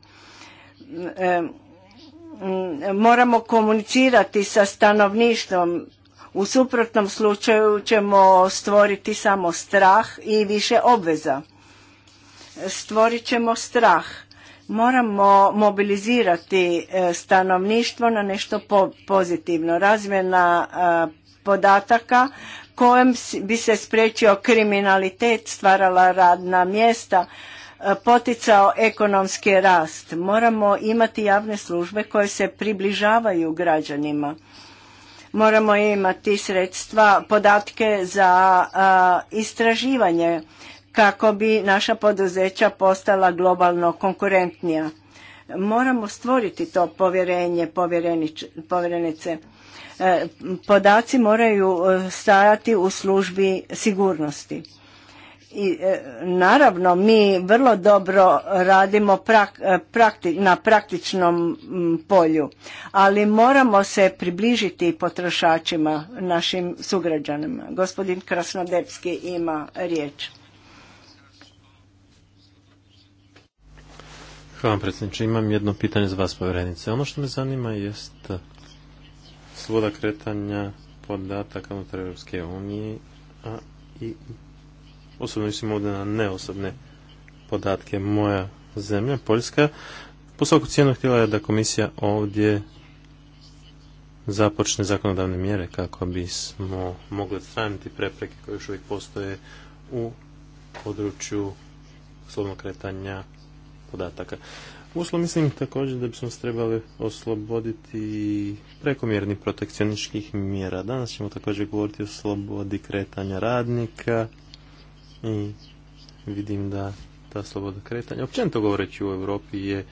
Mm, moramo komunicirati sa stanovništvom. U suprotnom slučaju ćemo stvoriti samo strah i više obveza. Stvorit ćemo strah. Moramo mobilizirati e, stanovništvo na nešto pozitivno. Razmjena e, podataka kojem bi se spriječio kriminalitet, stvarala radna mjesta, E, poticao ekonomski rast. Moramo imati javne službe koje se približavaju građanima. Moramo imati sredstva, podatke za e, istraživanje kako bi naša poduzeća postala globalno konkurentnija. Moramo stvoriti to povjerenje povjerenice. E, podaci moraju stajati u službi sigurnosti i e, naravno mi vrlo dobro radimo e, na praktičnom polju, ali moramo se približiti potrošačima, našim sugrađanima. Gospodin Krasnodepski ima riječ. Hvala predsjedniče. Imam jedno pitanje za vas povjerenice. Ono što me zanima jest e, svoda kretanja podataka unutar Europske unije a i osobno mislim ovdje na neosobne podatke. Moja zemlja, Poljska, po svaku cijenu htjela je da komisija ovdje započne zakonodavne mjere kako bismo mogli odstraniti prepreke koje još uvijek postoje u području slobodnog kretanja podataka. Uslo mislim također da bismo se trebali osloboditi prekomjernih protekcioničkih mjera. Danas ćemo također govoriti o slobodi kretanja radnika i vidim da ta sloboda kretanja, općenito govoreći u Europi je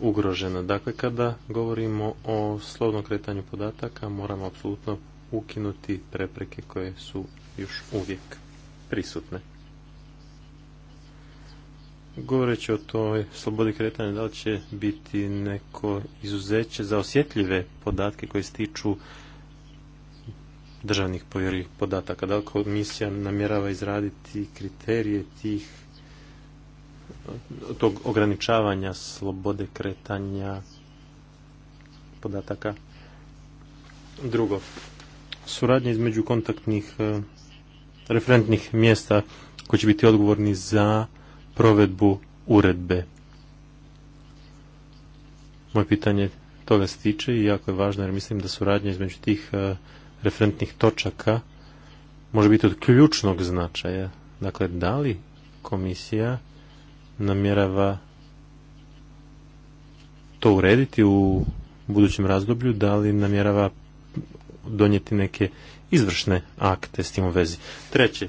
ugrožena. Dakle, kada govorimo o slobodnom kretanju podataka, moramo apsolutno ukinuti prepreke koje su još uvijek prisutne. Govoreći o toj slobodi kretanja, da li će biti neko izuzeće za osjetljive podatke koje stiču državnih povjerljivih podataka. Da li komisija namjerava izraditi kriterije tih tog ograničavanja slobode kretanja podataka? Drugo, suradnje između kontaktnih e, referentnih mjesta koji će biti odgovorni za provedbu uredbe. Moje pitanje toga se tiče i jako je važno jer mislim da suradnja između tih e, referentnih točaka može biti od ključnog značaja. Dakle, da li komisija namjerava to urediti u budućem razdoblju, da li namjerava donijeti neke izvršne akte s tim u vezi. Treće,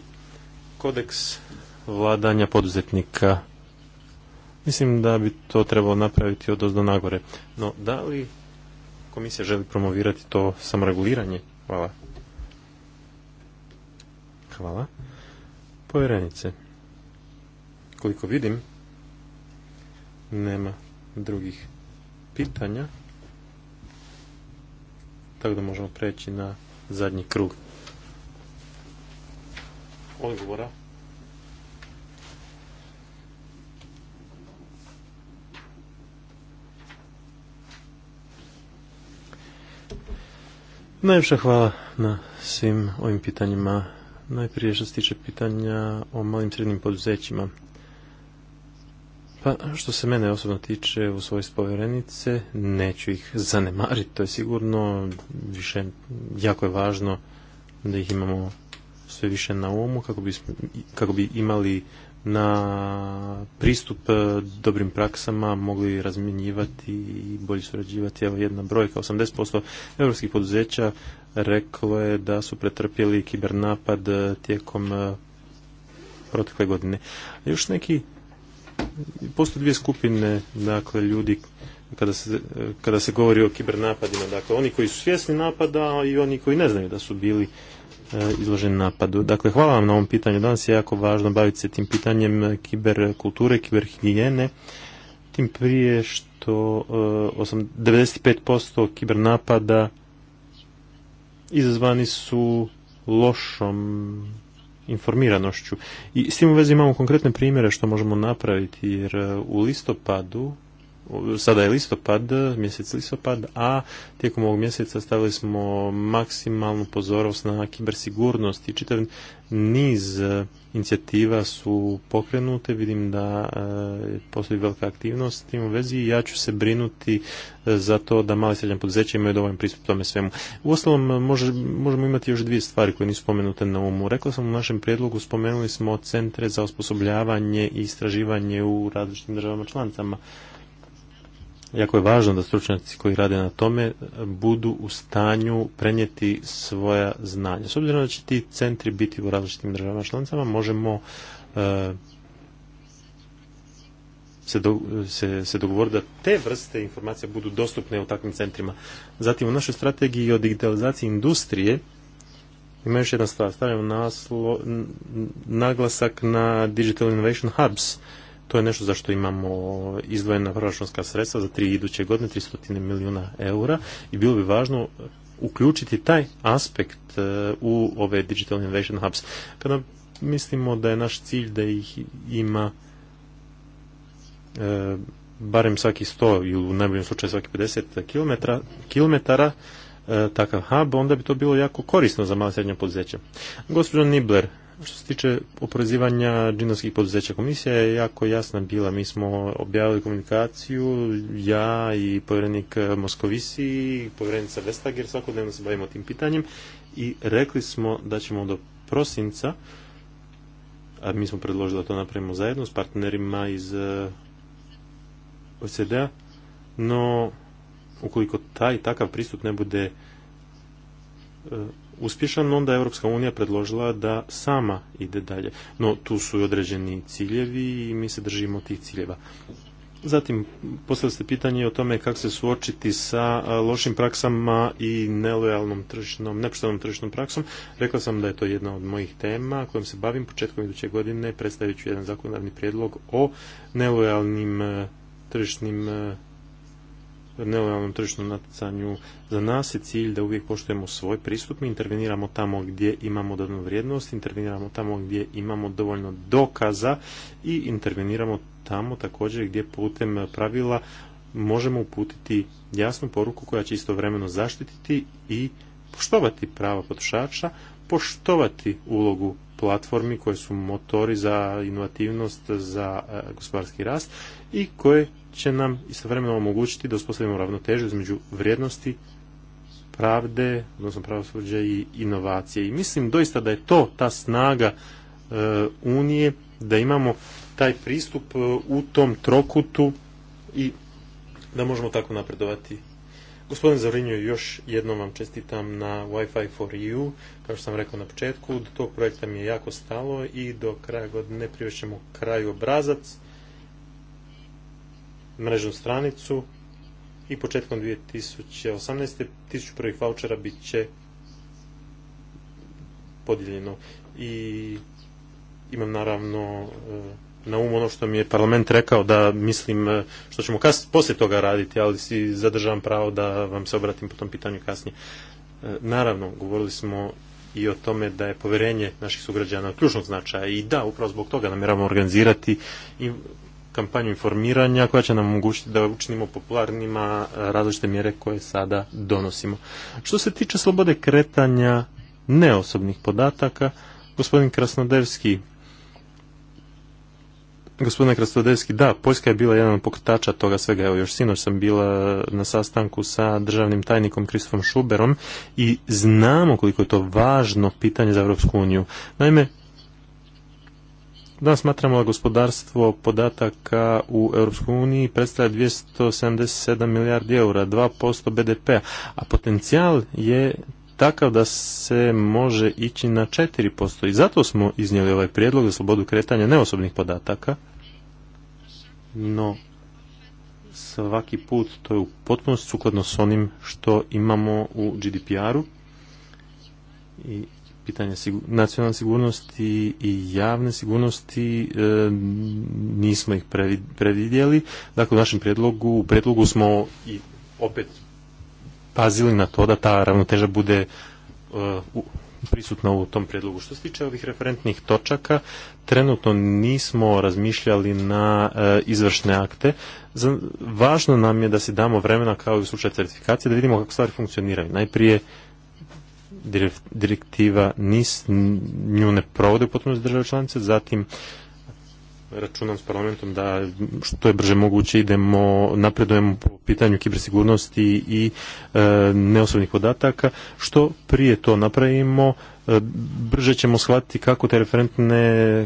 kodeks vladanja poduzetnika. Mislim da bi to trebalo napraviti od ozdo nagore. No, da li komisija želi promovirati to samoreguliranje? Hvala. Hvala. Povjerenice, koliko vidim, nema drugih pitanja, tako da možemo preći na zadnji krug odgovora Najviše hvala na svim ovim pitanjima. Najprije što se tiče pitanja o malim srednjim poduzećima. Pa što se mene osobno tiče u svoje povjerenice, neću ih zanemariti, to je sigurno više, jako je važno da ih imamo sve više na umu kako bi, kako bi imali na pristup e, dobrim praksama mogli razmjenjivati i bolje surađivati. Evo jedna brojka, 80% europskih poduzeća reklo je da su pretrpjeli kibernapad e, tijekom e, protekle godine. Još neki, postoje dvije skupine dakle, ljudi kada se, kada se govori o kibernapadima. Dakle, oni koji su svjesni napada i oni koji ne znaju da su bili E, izloženi napadu. Dakle, hvala vam na ovom pitanju. Danas je jako važno baviti se tim pitanjem kiberkulture, kiberhigijene, tim prije što 95% e, kibernapada izazvani su lošom informiranošću. I s tim u vezi imamo konkretne primjere što možemo napraviti, jer e, u listopadu sada je listopad, mjesec listopad, a tijekom ovog mjeseca stavili smo maksimalnu pozornost na kibersigurnost i čitav niz e, inicijativa su pokrenute, vidim da e, postoji velika aktivnost s tim u vezi i ja ću se brinuti e, za to da mali srednje poduzeća imaju dovoljno pristup tome svemu. Uostalom, možemo imati još dvije stvari koje nisu spomenute na umu. Rekla sam u našem prijedlogu, spomenuli smo centre za osposobljavanje i istraživanje u različitim državama članicama jako je važno da stručnjaci koji rade na tome budu u stanju prenijeti svoja znanja. S obzirom da će ti centri biti u različitim državama članicama, možemo eh, se, do, se, se dogovoriti da te vrste informacija budu dostupne u takvim centrima. Zatim u našoj strategiji o digitalizaciji industrije ima još jedna stvar, stavljamo naglasak na Digital Innovation Hubs. To je nešto za što imamo izdvojena proračunska sredstva za tri iduće godine, 300 milijuna eura i bilo bi važno uključiti taj aspekt e, u ove Digital Innovation Hubs. Kada mislimo da je naš cilj da ih ima e, barem svaki 100 ili u najboljem slučaju svaki 50 km, e, takav hub, onda bi to bilo jako korisno za malo srednje poduzeće. Gospođo Nibler, što se tiče oporezivanja džinovskih poduzeća, komisija je jako jasna bila. Mi smo objavili komunikaciju, ja i povjerenik Moskovisi i povjerenica Vestager, svakodnevno se bavimo tim pitanjem i rekli smo da ćemo do prosinca, a mi smo predložili da to napravimo zajedno s partnerima iz eh, ocd a no ukoliko taj takav pristup ne bude eh, uspješan, onda je Europska unija predložila da sama ide dalje. No, tu su i određeni ciljevi i mi se držimo tih ciljeva. Zatim, postavili ste pitanje o tome kako se suočiti sa lošim praksama i nelojalnom tržišnom, nepoštenom tržišnom praksom. Rekla sam da je to jedna od mojih tema kojom se bavim početkom iduće godine. Predstavit ću jedan zakonodavni prijedlog o nelojalnim tržišnim nelojalnom tržišnom natjecanju. Za nas je cilj da uvijek poštujemo svoj pristup, mi interveniramo tamo gdje imamo dodanu vrijednost, interveniramo tamo gdje imamo dovoljno dokaza i interveniramo tamo također gdje putem pravila možemo uputiti jasnu poruku koja će istovremeno zaštititi i poštovati prava potrošača, poštovati ulogu platformi koje su motori za inovativnost, za e, gospodarski rast i koje će nam istovremeno omogućiti da uspostavimo ravnotežu između vrijednosti pravde, odnosno pravosuđa i inovacije. I mislim doista da je to ta snaga e, Unije, da imamo taj pristup e, u tom trokutu i da možemo tako napredovati. Gospodin Zavrinju, još jednom vam čestitam na Wi-Fi for you. Kao što sam rekao na početku, do tog projekta mi je jako stalo i do kraja godine ćemo kraju obrazac mrežnu stranicu i početkom 2018. tisuću prvih vouchera bit će podijeljeno i imam naravno e, na umu ono što mi je parlament rekao da mislim e, što ćemo kas, poslije toga raditi, ali si zadržavam pravo da vam se obratim po tom pitanju kasnije. E, naravno, govorili smo i o tome da je povjerenje naših sugrađana ključnog značaja i da, upravo zbog toga namjeravamo organizirati i kampanju informiranja koja će nam omogućiti da učinimo popularnima e, različite mjere koje sada donosimo. Što se tiče slobode kretanja neosobnih podataka, gospodin Krasnodevski Gospodine Krasnodevski, da, Poljska je bila jedan od pokretača toga svega. Evo, još sinoć sam bila na sastanku sa državnim tajnikom Kristofom Šuberom i znamo koliko je to važno pitanje za Europsku uniju. Naime, Danas smatramo da gospodarstvo podataka u Europskoj uniji predstavlja 277 milijardi eura, 2% BDP, a potencijal je takav da se može ići na 4%. I zato smo iznijeli ovaj prijedlog za slobodu kretanja neosobnih podataka, no svaki put to je u potpunosti sukladno s onim što imamo u GDPR-u i pitanja nacionalne sigurnosti i javne sigurnosti e, nismo ih predvidjeli. Dakle, u našem predlogu, u predlogu smo i opet pazili na to da ta ravnoteža bude e, prisutna u tom predlogu. Što se tiče ovih referentnih točaka, trenutno nismo razmišljali na e, izvršne akte. važno nam je da si damo vremena kao i u slučaju certifikacije, da vidimo kako stvari funkcioniraju. Najprije direktiva NIS nju ne provode potpunosti države članice, zatim računam s parlamentom da što je brže moguće idemo, napredujemo po pitanju kibersigurnosti i e, neosobnih podataka. Što prije to napravimo, e, brže ćemo shvatiti kako te referentne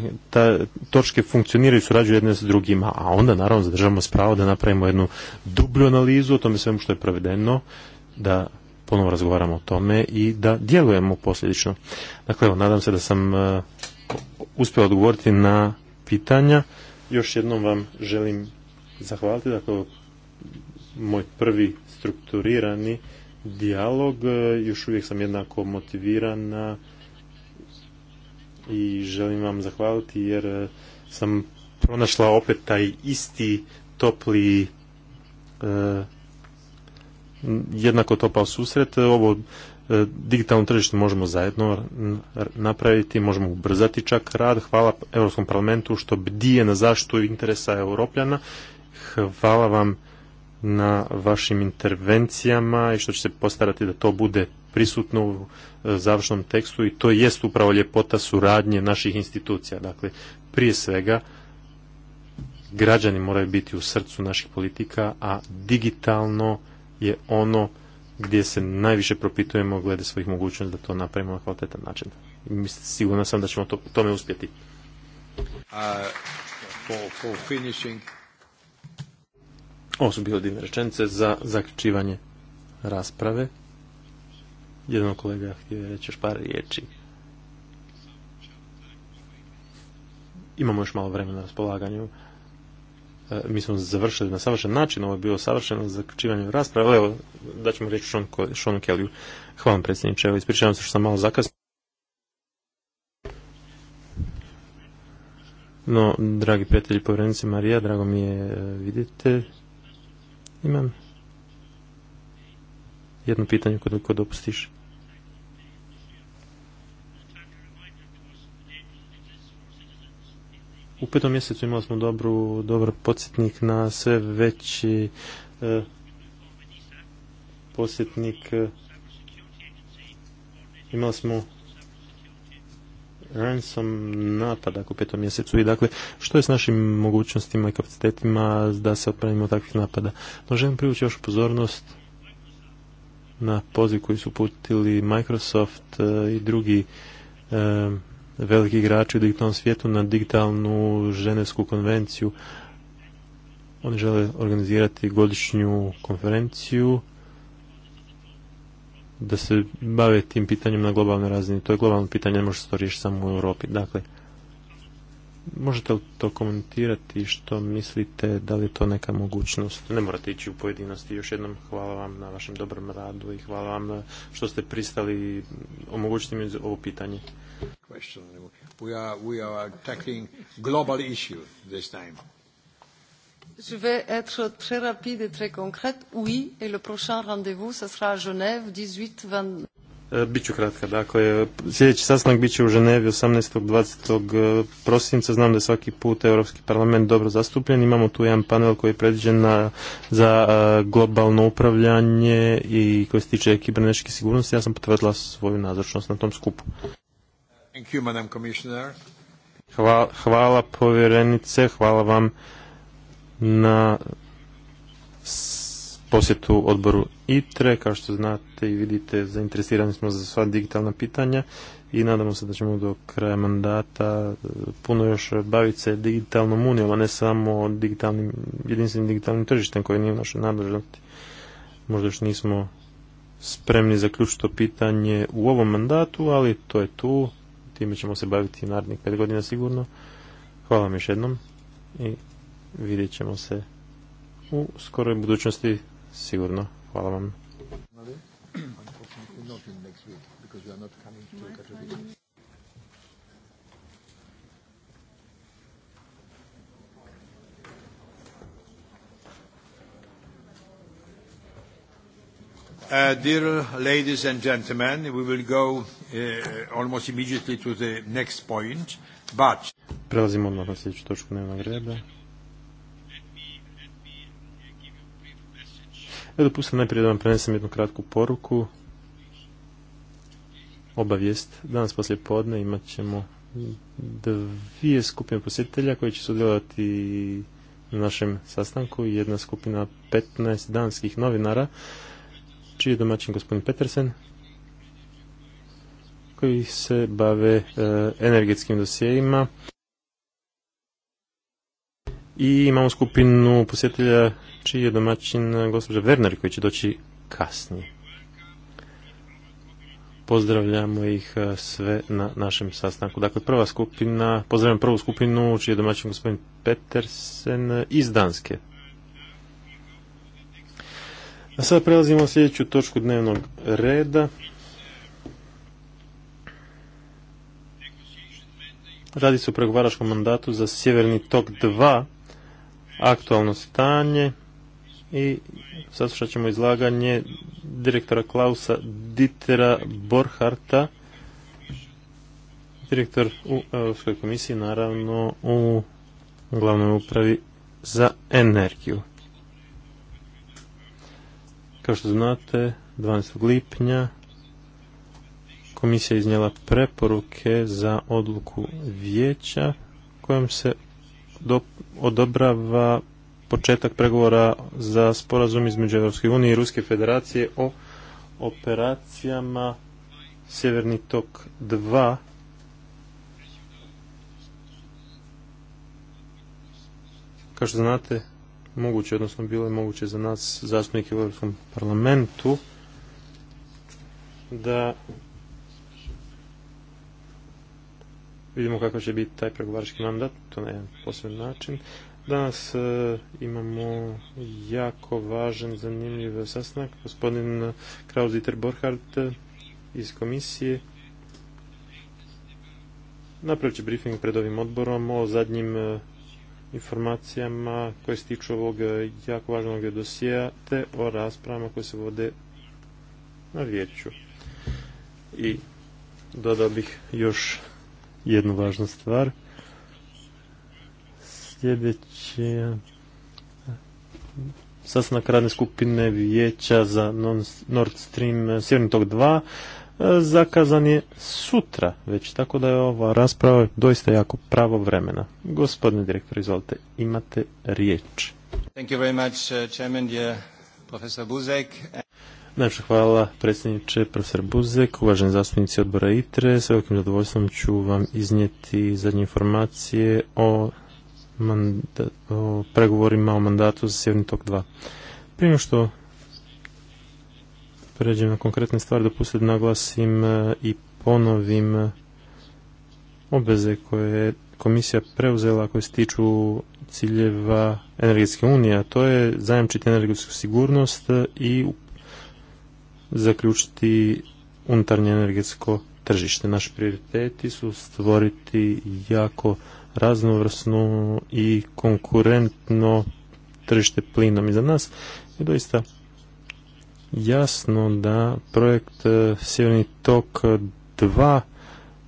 točke funkcioniraju i surađuju jedne s drugima, a onda naravno zadržavamo spravo da napravimo jednu dublju analizu o tome svemu što je provedeno, da ponovo razgovaramo o tome i da djelujemo posljedično. Dakle, evo, nadam se da sam e, uspio odgovoriti na pitanja. Još jednom vam želim zahvaliti. Dakle, moj prvi strukturirani dijalog. E, još uvijek sam jednako motivirana i želim vam zahvaliti jer e, sam pronašla opet taj isti topli jednako to topao susret. E, ovo e, digitalno tržište možemo zajedno napraviti, možemo ubrzati čak rad. Hvala Europskom parlamentu što bdije na zaštitu interesa europljana. Hvala vam na vašim intervencijama i što će se postarati da to bude prisutno u e, završnom tekstu i to jest upravo ljepota suradnje naših institucija. Dakle, prije svega građani moraju biti u srcu naših politika, a digitalno je ono gdje se najviše propitujemo glede svojih mogućnosti da to napravimo na kvalitetan način. Mislim, sigurno sam da ćemo to, tome uspjeti. Uh, for, finishing. Ovo su bile divne rečenice za zaključivanje rasprave. Jedan kolega htio je reći još par riječi. Imamo još malo vremena na raspolaganju. E, mi smo završili na savršen način, ovo je bilo savršeno zaključivanje rasprave, ali evo, da ćemo reći Sean Kellyu. Hvala vam predsjedniče, evo, ispričavam se što sam malo zakasnio. No, dragi prijatelji povrednici Marija, drago mi je e, vidite. Imam jedno pitanje kod dopustiš. U petom mjesecu imali smo dobru, dobar podsjetnik na sve veći e, podsjetnik. E, imali smo ransom napadak u petom mjesecu i dakle što je s našim mogućnostima i kapacitetima da se otpravimo od takvih napada. No želim privući još pozornost na poziv koji su putili Microsoft e, i drugi veliki igrači u digitalnom svijetu na digitalnu ženevsku konvenciju. Oni žele organizirati godišnju konferenciju da se bave tim pitanjem na globalnoj razini. To je globalno pitanje, ne može se to riješiti samo u Europi. Dakle, možete li to komentirati što mislite, da li je to neka mogućnost? Ne morate ići u pojedinosti. Još jednom hvala vam na vašem dobrom radu i hvala vam što ste pristali omogućiti mi ovo pitanje. Question. We are, we are tackling global issue this time. Je vais être très rapide et très concrète. Oui, et le prochain rendez-vous, ce sera à Genève, 18-20. E, Biću kratka, dakle, sljedeći sastanak biće u Ženevi 18. 20. prosinca, znam da je svaki put Europski parlament dobro zastupljen, imamo tu jedan panel koji je predviđen na, za e, globalno upravljanje i koji se tiče kibernetičke sigurnosti, ja sam potvrdila svoju nazočnost na tom skupu. Hvala, povjerenice, hvala vam na posjetu odboru ITRE. Kao što znate i vidite, zainteresirani smo za sva digitalna pitanja i nadamo se da ćemo do kraja mandata eh, puno još baviti se digitalnom unijom, a ne samo digitalnim, jedinstvenim digitalnim tržištem koji nije u našoj nadležnosti. Možda još nismo spremni zaključiti to pitanje u ovom mandatu, ali to je tu time ćemo se baviti narednih pet godina sigurno. Hvala vam još jednom i vidjet ćemo se u skoroj budućnosti sigurno. Hvala vam. Uh, dear ladies and gentlemen, we will go uh, almost immediately to the next point, but... Prelazimo odmah na sljedeću točku dnevnog reda. E, dopustite najprije da vam prenesem jednu kratku poruku. Obavijest. Danas poslije podne imat ćemo dvije skupine posjetitelja koji će sudjelovati na našem sastanku. Jedna skupina 15 danskih novinara čiji je domaćin gospodin Petersen, koji se bave e, energetskim dosjejima. I imamo skupinu posjetitelja čiji je domaćin gospođa Werner koji će doći kasnije. Pozdravljamo ih e, sve na našem sastanku. Dakle, prva skupina, pozdravljam prvu skupinu čiji je domaćin gospodin Petersen e, iz Danske. A sada prelazimo na sljedeću točku dnevnog reda. Radi se o pregovaračkom mandatu za Sjeverni tok 2, aktualno stanje i saslušat ćemo izlaganje direktora Klausa Ditera Borharta, direktor u Europskoj komisiji, naravno u glavnoj upravi za energiju. Kao što znate, 12. lipnja komisija je iznijela preporuke za odluku vijeća kojom se odobrava početak pregovora za sporazum između Europske unije i Ruske federacije o operacijama Sjeverni tok 2 kao što znate moguće, odnosno bilo je moguće za nas zastupnike u Europskom parlamentu da vidimo kako će biti taj pregovarački mandat, to na jedan posve način. Danas e, imamo jako važan, zanimljiv sastanak. Gospodin Krauziter Borhardt iz komisije napravit će briefing pred ovim odborom o zadnjim e, informacijama koje se tiču ovog eh, jako važnog dosija te o raspravama koje se vode na vijeću. I dodao bih još jednu važnu stvar. Sljedeći eh, sastanak radne skupine vijeća za Nord Stream eh, Sjeverni tok 2 zakazan je sutra, već tako da je ova rasprava doista jako pravo vremena. Gospodine direktor, izvolite, imate riječ. Thank you very much, uh, chairman, dear professor Buzek. Najviše hvala predsjedniče profesor Buzek, uvaženi zastupnici odbora ITRE. S velikim zadovoljstvom ću vam iznijeti zadnje informacije o, pregovorima o mandatu za Sjeverni tok 2. Prije što pređem na konkretne stvari, pustim naglasim e, i ponovim e, obveze koje je komisija preuzela koje se tiču ciljeva energetske unije, a to je zajamčiti energetsku sigurnost e, i zaključiti unutarnje energetsko tržište. Naši prioriteti su stvoriti jako raznovrsno i konkurentno tržište plinom. I za nas je doista jasno da projekt e, Sjeverni tok 2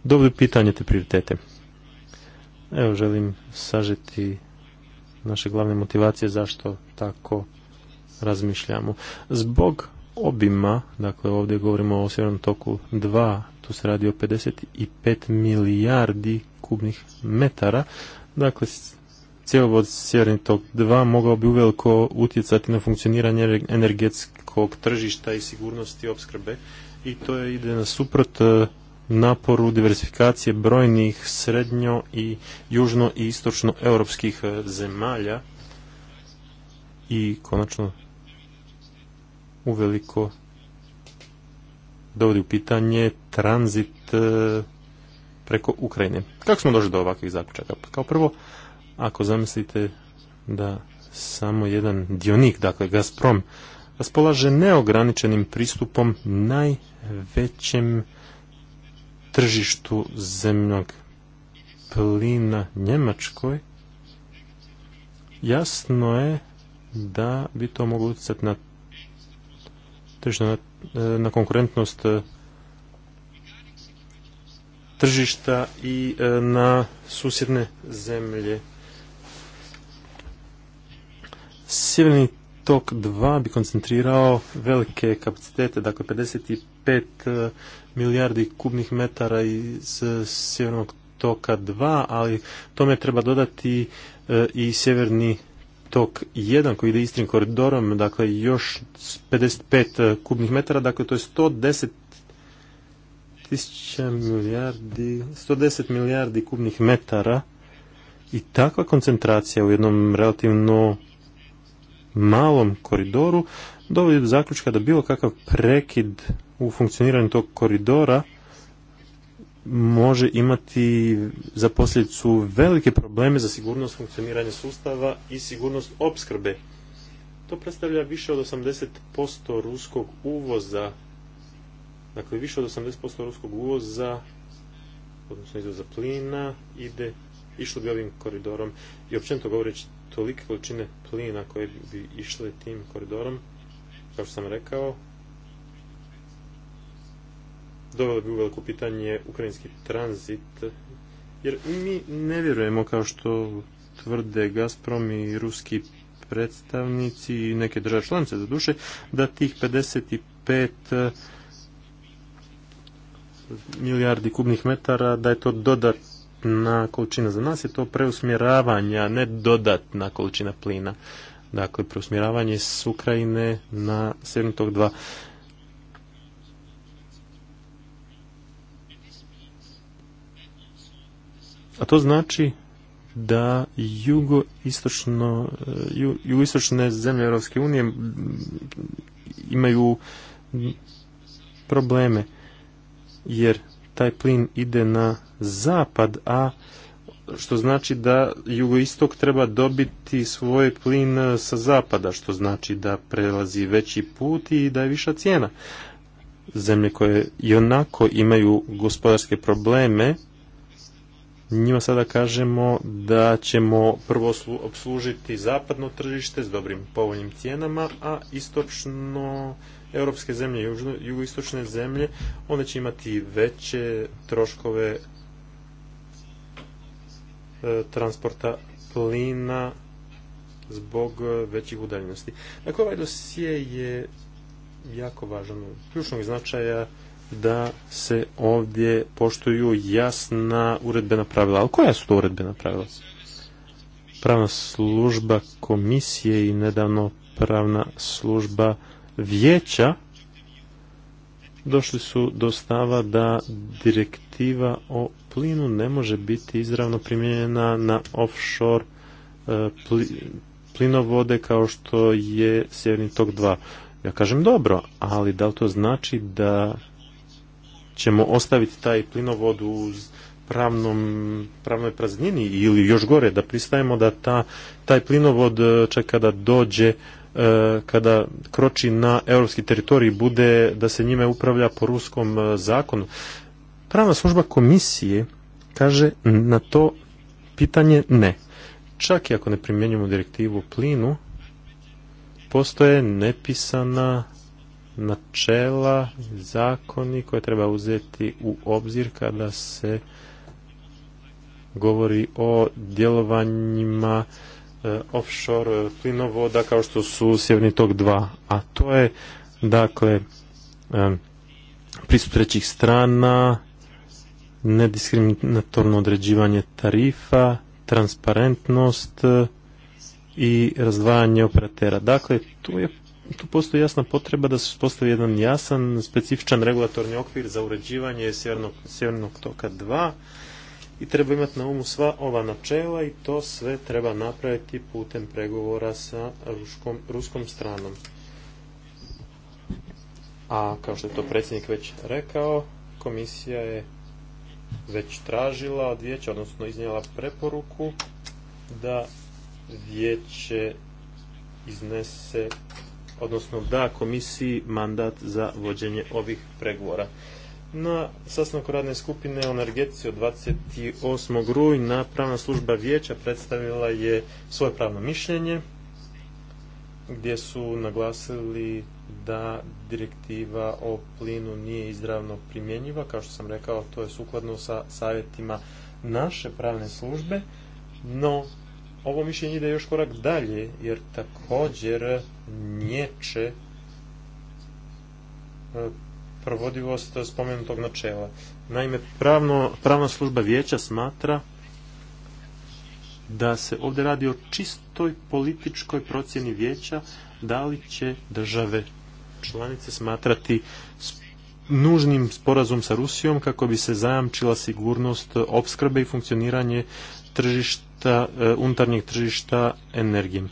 dovodi pitanje te prioritete. Evo želim sažeti naše glavne motivacije zašto tako razmišljamo. Zbog obima, dakle ovdje govorimo o Sjevernom toku 2, tu se radi o 55 milijardi kubnih metara, dakle cijelovod Sjeverni tok 2 mogao bi uveliko utjecati na funkcioniranje energetskog tržišta i sigurnosti opskrbe i to je ide na suprot e, naporu diversifikacije brojnih srednjo i južno i istočno europskih e, zemalja i konačno uveliko dovodi u pitanje tranzit e, preko Ukrajine. Kako smo došli do ovakvih zaključaka? Pa kao prvo, ako zamislite da samo jedan dionik, dakle Gazprom, raspolaže neograničenim pristupom najvećem tržištu zemljog plina Njemačkoj, jasno je da bi to moglo utjecati na, na, na konkurentnost e, tržišta i e, na susjedne zemlje Sjeverni tok 2 bi koncentrirao velike kapacitete, dakle 55 e, milijardi kubnih metara iz e, sjevernog toka 2, ali tome treba dodati e, i sjeverni tok 1 koji ide istrim koridorom, dakle još 55 kubnih metara, dakle to je 110 tisuća milijardi, 110 milijardi kubnih metara i takva koncentracija u jednom relativno malom koridoru dovodi do zaključka da bilo kakav prekid u funkcioniranju tog koridora može imati za posljedicu velike probleme za sigurnost funkcioniranja sustava i sigurnost opskrbe. To predstavlja više od 80% ruskog uvoza, dakle više od 80% ruskog uvoza, odnosno izvoza plina, ide, išlo bi ovim koridorom i općenito govoreći tolike količine plina koje bi išle tim koridorom, kao što sam rekao, dovelo bi u pitanje ukrajinski tranzit, jer mi ne vjerujemo kao što tvrde Gazprom i ruski predstavnici i neke države članice za duše, da tih 55 eh, milijardi kubnih metara, da je to dodat na količina. Za nas je to preusmjeravanje, a ne dodatna količina plina. Dakle, preusmjeravanje s Ukrajine na 7.2. tog dva. A to znači da jugoistočno, e, jugoistočne zemlje Europske unije imaju probleme jer taj plin ide na zapad, a što znači da jugoistok treba dobiti svoj plin e, sa zapada, što znači da prelazi veći put i da je viša cijena. Zemlje koje i onako imaju gospodarske probleme, njima sada kažemo da ćemo prvo obslužiti zapadno tržište s dobrim povoljnim cijenama, a istočno europske zemlje, i jugoistočne zemlje, one će imati veće troškove e, transporta plina zbog većih udaljenosti. Dakle, ovaj dosije je jako važan, ključnog značaja da se ovdje poštuju jasna uredbena pravila. Ali koja su to uredbena pravila? Pravna služba komisije i nedavno pravna služba vijeća došli su do stava da direktiva o plinu ne može biti izravno primijenjena na offshore e, plinovode kao što je Sjeverni tok 2. Ja kažem dobro, ali da li to znači da ćemo ostaviti taj plinovod u pravnom, pravnoj praznini ili još gore da pristajemo da ta, taj plinovod e, čeka da dođe E, kada kroči na europski teritorij bude da se njime upravlja po ruskom e, zakonu. Pravna služba komisije kaže na to pitanje ne. Čak i ako ne primjenjujemo direktivu plinu, postoje nepisana načela, zakoni koje treba uzeti u obzir kada se govori o djelovanjima E, offshore e, plinovoda kao što su Sjeverni tok 2, a to je dakle e, pristup strana, nediskriminatorno određivanje tarifa, transparentnost i razdvajanje operatera. Dakle, tu, je, postoji jasna potreba da se postavi jedan jasan, specifičan regulatorni okvir za uređivanje Sjevernog, sjevernog toka 2, i treba imati na umu sva ova načela i to sve treba napraviti putem pregovora sa ruskom stranom. A kao što je to predsjednik već rekao, komisija je već tražila od vijeća, odnosno iznijela preporuku da vijeće iznese, odnosno da komisiji mandat za vođenje ovih pregovora. Na sastanku radne skupine o energetici od 28. rujna pravna služba vijeća predstavila je svoje pravno mišljenje gdje su naglasili da direktiva o plinu nije izravno primjenjiva. Kao što sam rekao, to je sukladno sa savjetima naše pravne službe, no ovo mišljenje ide još korak dalje, jer također nječe provodivost spomenutog načela. Naime, pravno, pravna služba vijeća smatra da se ovdje radi o čistoj političkoj procjeni vijeća da li će države članice smatrati nužnim sporazum sa Rusijom kako bi se zajamčila sigurnost opskrbe i funkcioniranje tržišta, e, unutarnjeg tržišta energijom.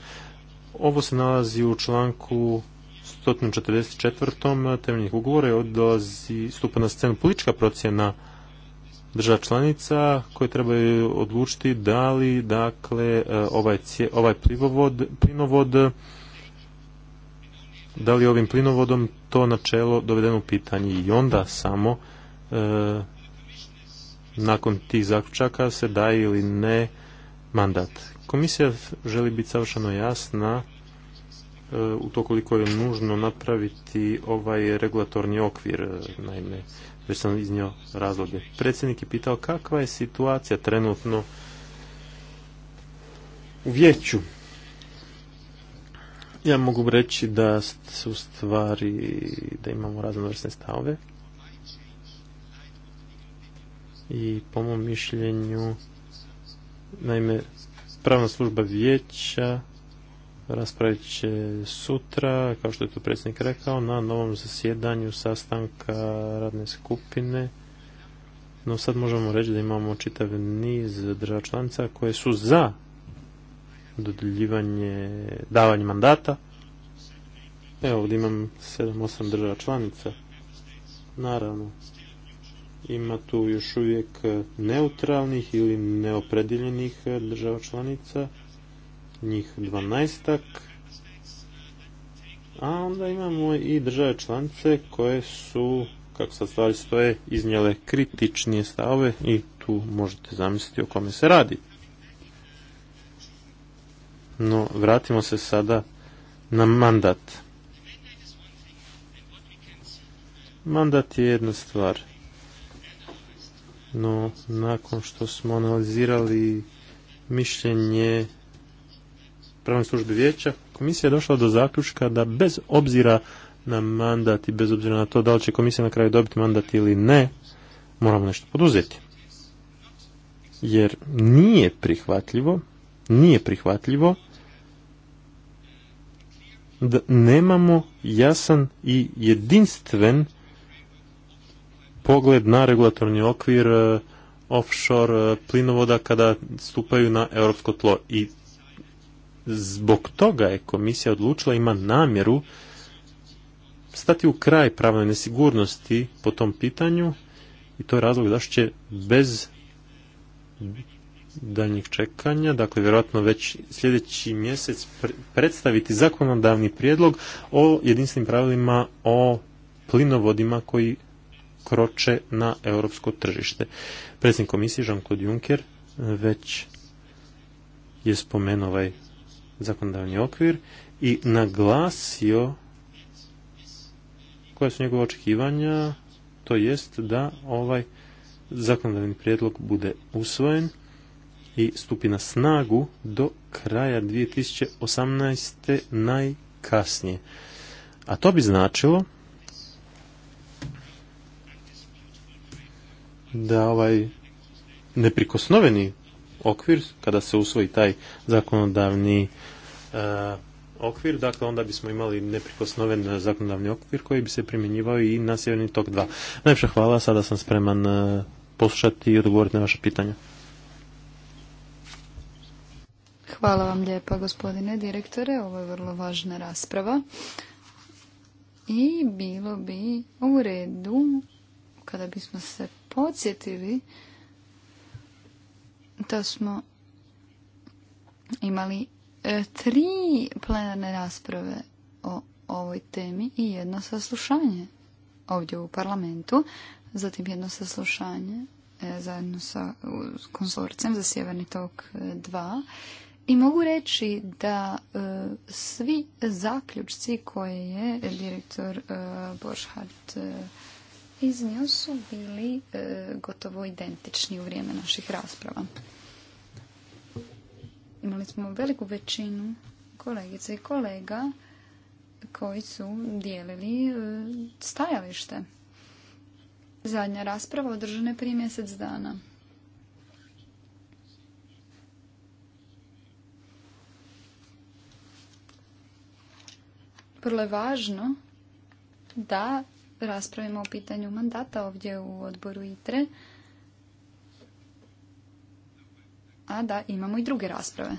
Ovo se nalazi u članku 144. Eh, temeljnih ugovora je odlazi stupa na scenu politička procjena država članica koje trebaju odlučiti da li dakle eh, ovaj, ovaj plinovod da li ovim plinovodom to načelo dovedeno u pitanje i onda samo eh, nakon tih zaključaka se daje ili ne mandat. Komisija želi biti savršeno jasna E, u to koliko je nužno napraviti ovaj regulatorni okvir, e, naime, već sam iznio razloge. Predsjednik je pitao kakva je situacija trenutno u vijeću. Ja mogu reći da su stvari, da imamo raznovrsne stave. I po mom mišljenju, naime, pravna služba vijeća raspravit će sutra, kao što je to predsjednik rekao, na novom zasjedanju sastanka radne skupine. No sad možemo reći da imamo čitav niz država članica koje su za dodjeljivanje, davanje mandata. Evo ovdje imam 7-8 država članica. Naravno, ima tu još uvijek neutralnih ili neopredjeljenih država članica njih 12 a onda imamo i države članice koje su, kako sad stvari stoje, iznijele kritičnije stave i tu možete zamisliti o kome se radi. No, vratimo se sada na mandat. Mandat je jedna stvar. No, nakon što smo analizirali mišljenje pravnoj službi vijeća, komisija je došla do zaključka da bez obzira na mandat i bez obzira na to da li će komisija na kraju dobiti mandat ili ne, moramo nešto poduzeti. Jer nije prihvatljivo, nije prihvatljivo da nemamo jasan i jedinstven pogled na regulatorni okvir eh, offshore eh, plinovoda kada stupaju na europsko tlo i zbog toga je komisija odlučila ima namjeru stati u kraj pravnoj nesigurnosti po tom pitanju i to je razlog zašto će bez daljnjih čekanja, dakle vjerojatno već sljedeći mjesec predstaviti zakonodavni prijedlog o jedinstvenim pravilima o plinovodima koji kroče na europsko tržište. Predsjednik komisije Jean-Claude Juncker već je spomenuo ovaj zakonodavni okvir i naglasio koja su njegova očekivanja, to jest da ovaj zakonodavni prijedlog bude usvojen i stupi na snagu do kraja 2018. najkasnije. A to bi značilo da ovaj neprikosnoveni okvir, kada se usvoji taj zakonodavni e, okvir, dakle onda bismo imali neprikosnoven zakonodavni okvir koji bi se primjenjivao i na Sjeverni tok 2. Najpša hvala, sada sam spreman e, poslušati i odgovoriti na vaše pitanja. Hvala vam lijepa gospodine direktore, ovo je vrlo važna rasprava. I bilo bi u redu kada bismo se podsjetili da smo imali e, tri plenarne rasprave o ovoj temi i jedno saslušanje ovdje u parlamentu, zatim jedno saslušanje e, zajedno sa konzorcem za Sjeverni tok 2 e, i mogu reći da svi zaključci koje je direktor e, iz su bili e, gotovo identični u vrijeme naših rasprava. Imali smo veliku većinu kolegice i kolega koji su dijelili e, stajalište. Zadnja rasprava održana je prije mjesec dana. Vrlo je važno da raspravimo o pitanju mandata ovdje u odboru ITRE. A da, imamo i druge rasprave.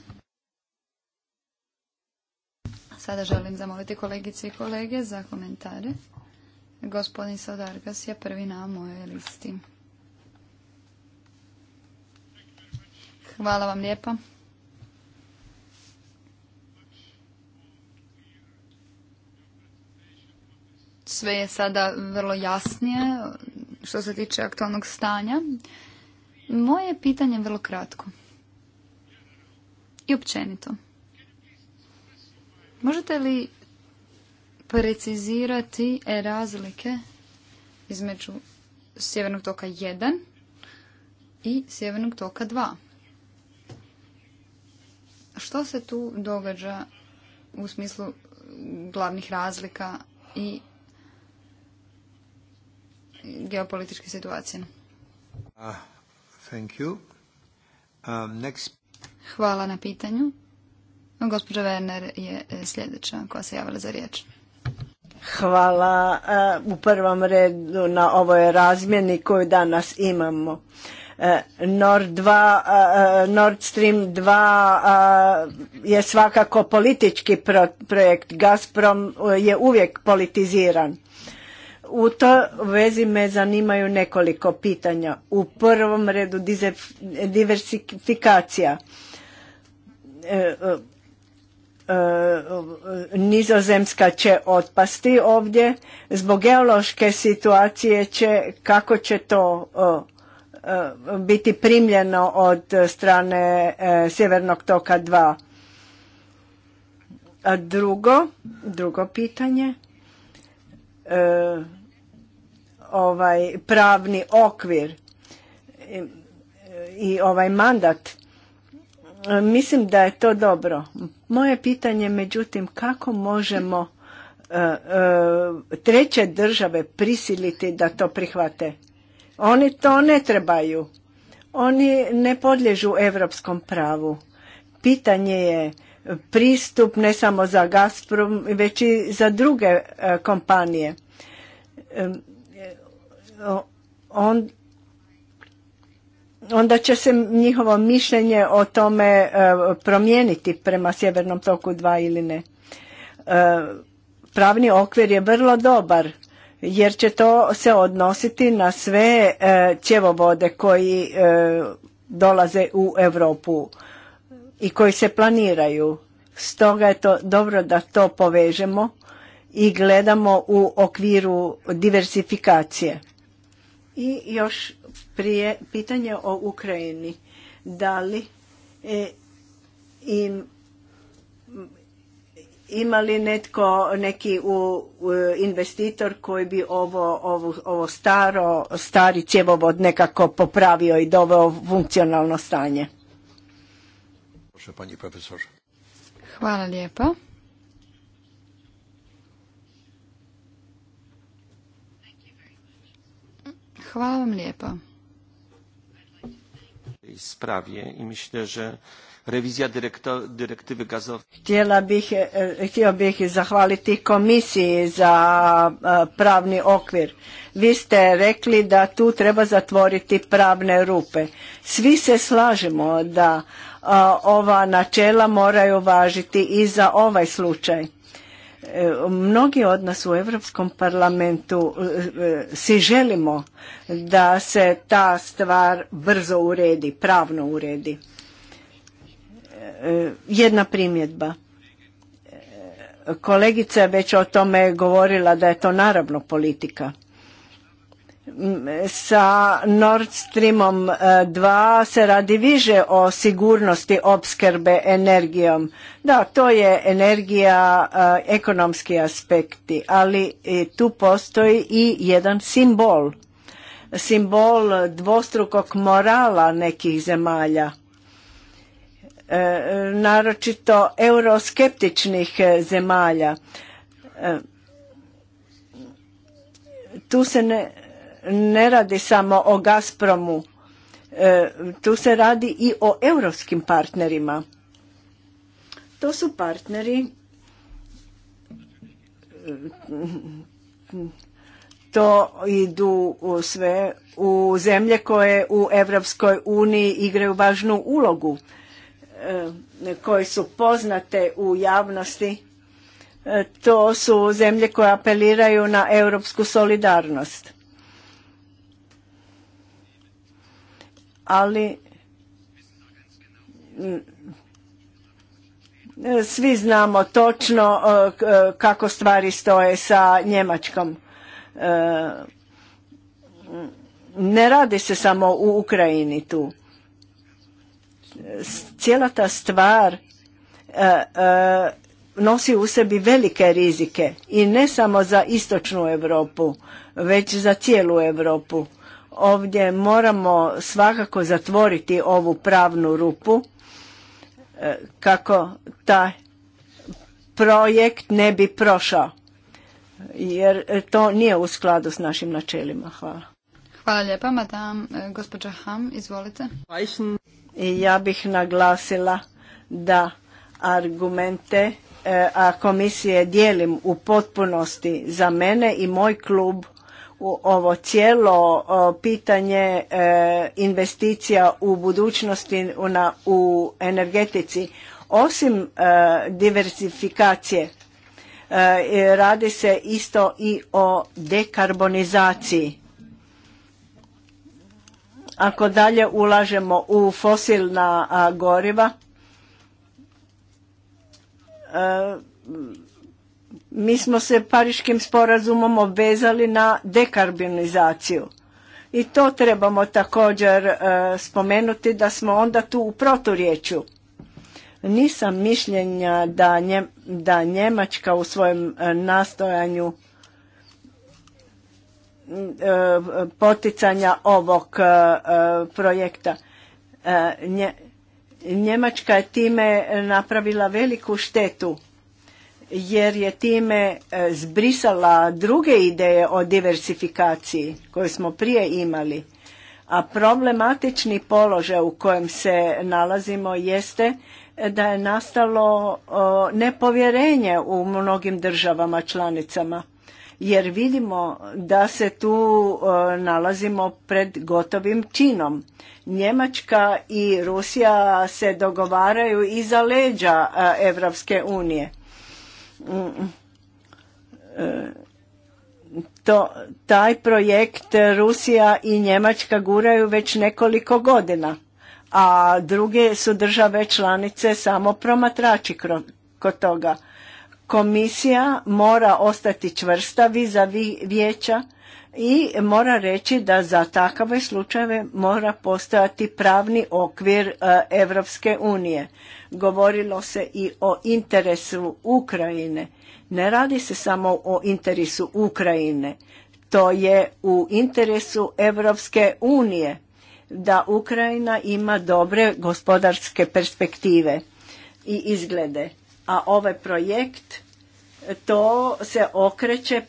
Sada želim zamoliti kolegice i kolege za komentare. Gospodin Saudargas je prvi na mojoj listi. Hvala vam lijepa. sve je sada vrlo jasnije što se tiče aktualnog stanja. Moje pitanje je vrlo kratko. I općenito. Možete li precizirati razlike između sjevernog toka 1 i sjevernog toka 2? Što se tu događa u smislu glavnih razlika i geopolitičke situacije. Ah, um, Hvala na pitanju. Gospođa Werner je e, sljedeća koja se javila za riječ. Hvala e, u prvom redu na ovoj razmjeni koju danas imamo. E, Nord, Nord Stream 2 je svakako politički projekt. Gazprom je uvijek politiziran. U to vezi me zanimaju nekoliko pitanja. U prvom redu diversifikacija. E, e, e, nizozemska će otpasti ovdje, zbog geološke situacije će, kako će to biti primljeno od strane Sjevernog toka 2. A drugo, drugo pitanje, ovaj pravni okvir i ovaj mandat mislim da je to dobro moje pitanje međutim kako možemo e, e, treće države prisiliti da to prihvate oni to ne trebaju oni ne podliježu europskom pravu pitanje je pristup ne samo za Gazprom već i za druge e, kompanije on, onda će se njihovo mišljenje o tome e, promijeniti prema Sjevernom toku 2 ili ne. E, pravni okvir je vrlo dobar jer će to se odnositi na sve cjevovode e, koji dolaze u Europu i koji se planiraju. Stoga je to dobro da to povežemo i gledamo u okviru diversifikacije. I još prije pitanje o Ukrajini. Da li e, im ima li netko neki u, investitor koji bi ovo, ovo, ovo staro stari cjevovod nekako popravio i doveo funkcionalno stanje? Hvala lijepo. Hvala vam lijepo. i Htjela e, htio bih zahvaliti komisiji za e, pravni okvir. Vi ste rekli da tu treba zatvoriti pravne rupe. Svi se slažemo da e, ova načela moraju važiti i za ovaj slučaj E, mnogi od nas u Europskom parlamentu e, e, si želimo da se ta stvar brzo uredi, pravno uredi. Jedna primjedba. Kolegica je već o tome govorila da je to naravno politika. Sa Nord Streamom 2 e, se radi više o sigurnosti opskrbe energijom. Da, to je energija, e, ekonomski aspekti, ali e, tu postoji i jedan simbol. Simbol dvostrukog morala nekih zemalja. naročito euroskeptičnih zemalja. tu se ne ne radi samo o Gazpromu, e, tu se radi i o europskim partnerima. To su partneri to idu u sve u zemlje koje u Europskoj uniji igraju važnu ulogu, e, koje su poznate u javnosti. E, to su zemlje koje apeliraju na europsku solidarnost. ali mm, svi znamo točno e, e, kako stvari stoje sa Njemačkom. E, ne radi se samo u Ukrajini tu. Cijela ta stvar nosi u sebi velike rizike i ne samo za istočnu Europu, već za cijelu Europu ovdje moramo svakako zatvoriti ovu pravnu rupu e, kako taj projekt ne bi prošao jer to nije u skladu s našim načelima. Hvala. Hvala lijepa, madam. E, Ham, izvolite. Ja bih naglasila da argumente e, a komisije dijelim u potpunosti za mene i moj klub u ovo cijelo pitanje e, investicija u budućnosti u energetici osim e, diversifikacije e, radi se isto i o dekarbonizaciji ako dalje ulažemo u fosilna goriva mi smo se Pariškim sporazumom obvezali na dekarbonizaciju. I to trebamo također e, spomenuti da smo onda tu u proturječju. Nisam mišljenja da, nje, da Njemačka u svojem e, nastojanju e, poticanja ovog projekta. Njemačka je time napravila veliku štetu jer je time e, zbrisala druge ideje o diversifikaciji koje smo prije imali. A problematični položaj u kojem se nalazimo jeste e, da je nastalo nepovjerenje u mnogim državama članicama jer vidimo da se tu nalazimo pred gotovim činom. Njemačka i Rusija se dogovaraju iza leđa e, Evropske unije to, taj projekt Rusija i Njemačka guraju već nekoliko godina, a druge su države članice samo promatrači kod toga. Komisija mora ostati čvrsta vis a vijeća i mora reći da za takve slučajeve mora postojati pravni okvir Europske unije. Govorilo se i o interesu Ukrajine. Ne radi se samo o interesu Ukrajine. To je u interesu Europske unije da Ukrajina ima dobre gospodarske perspektive i izglede. A ovaj projekt to se okreće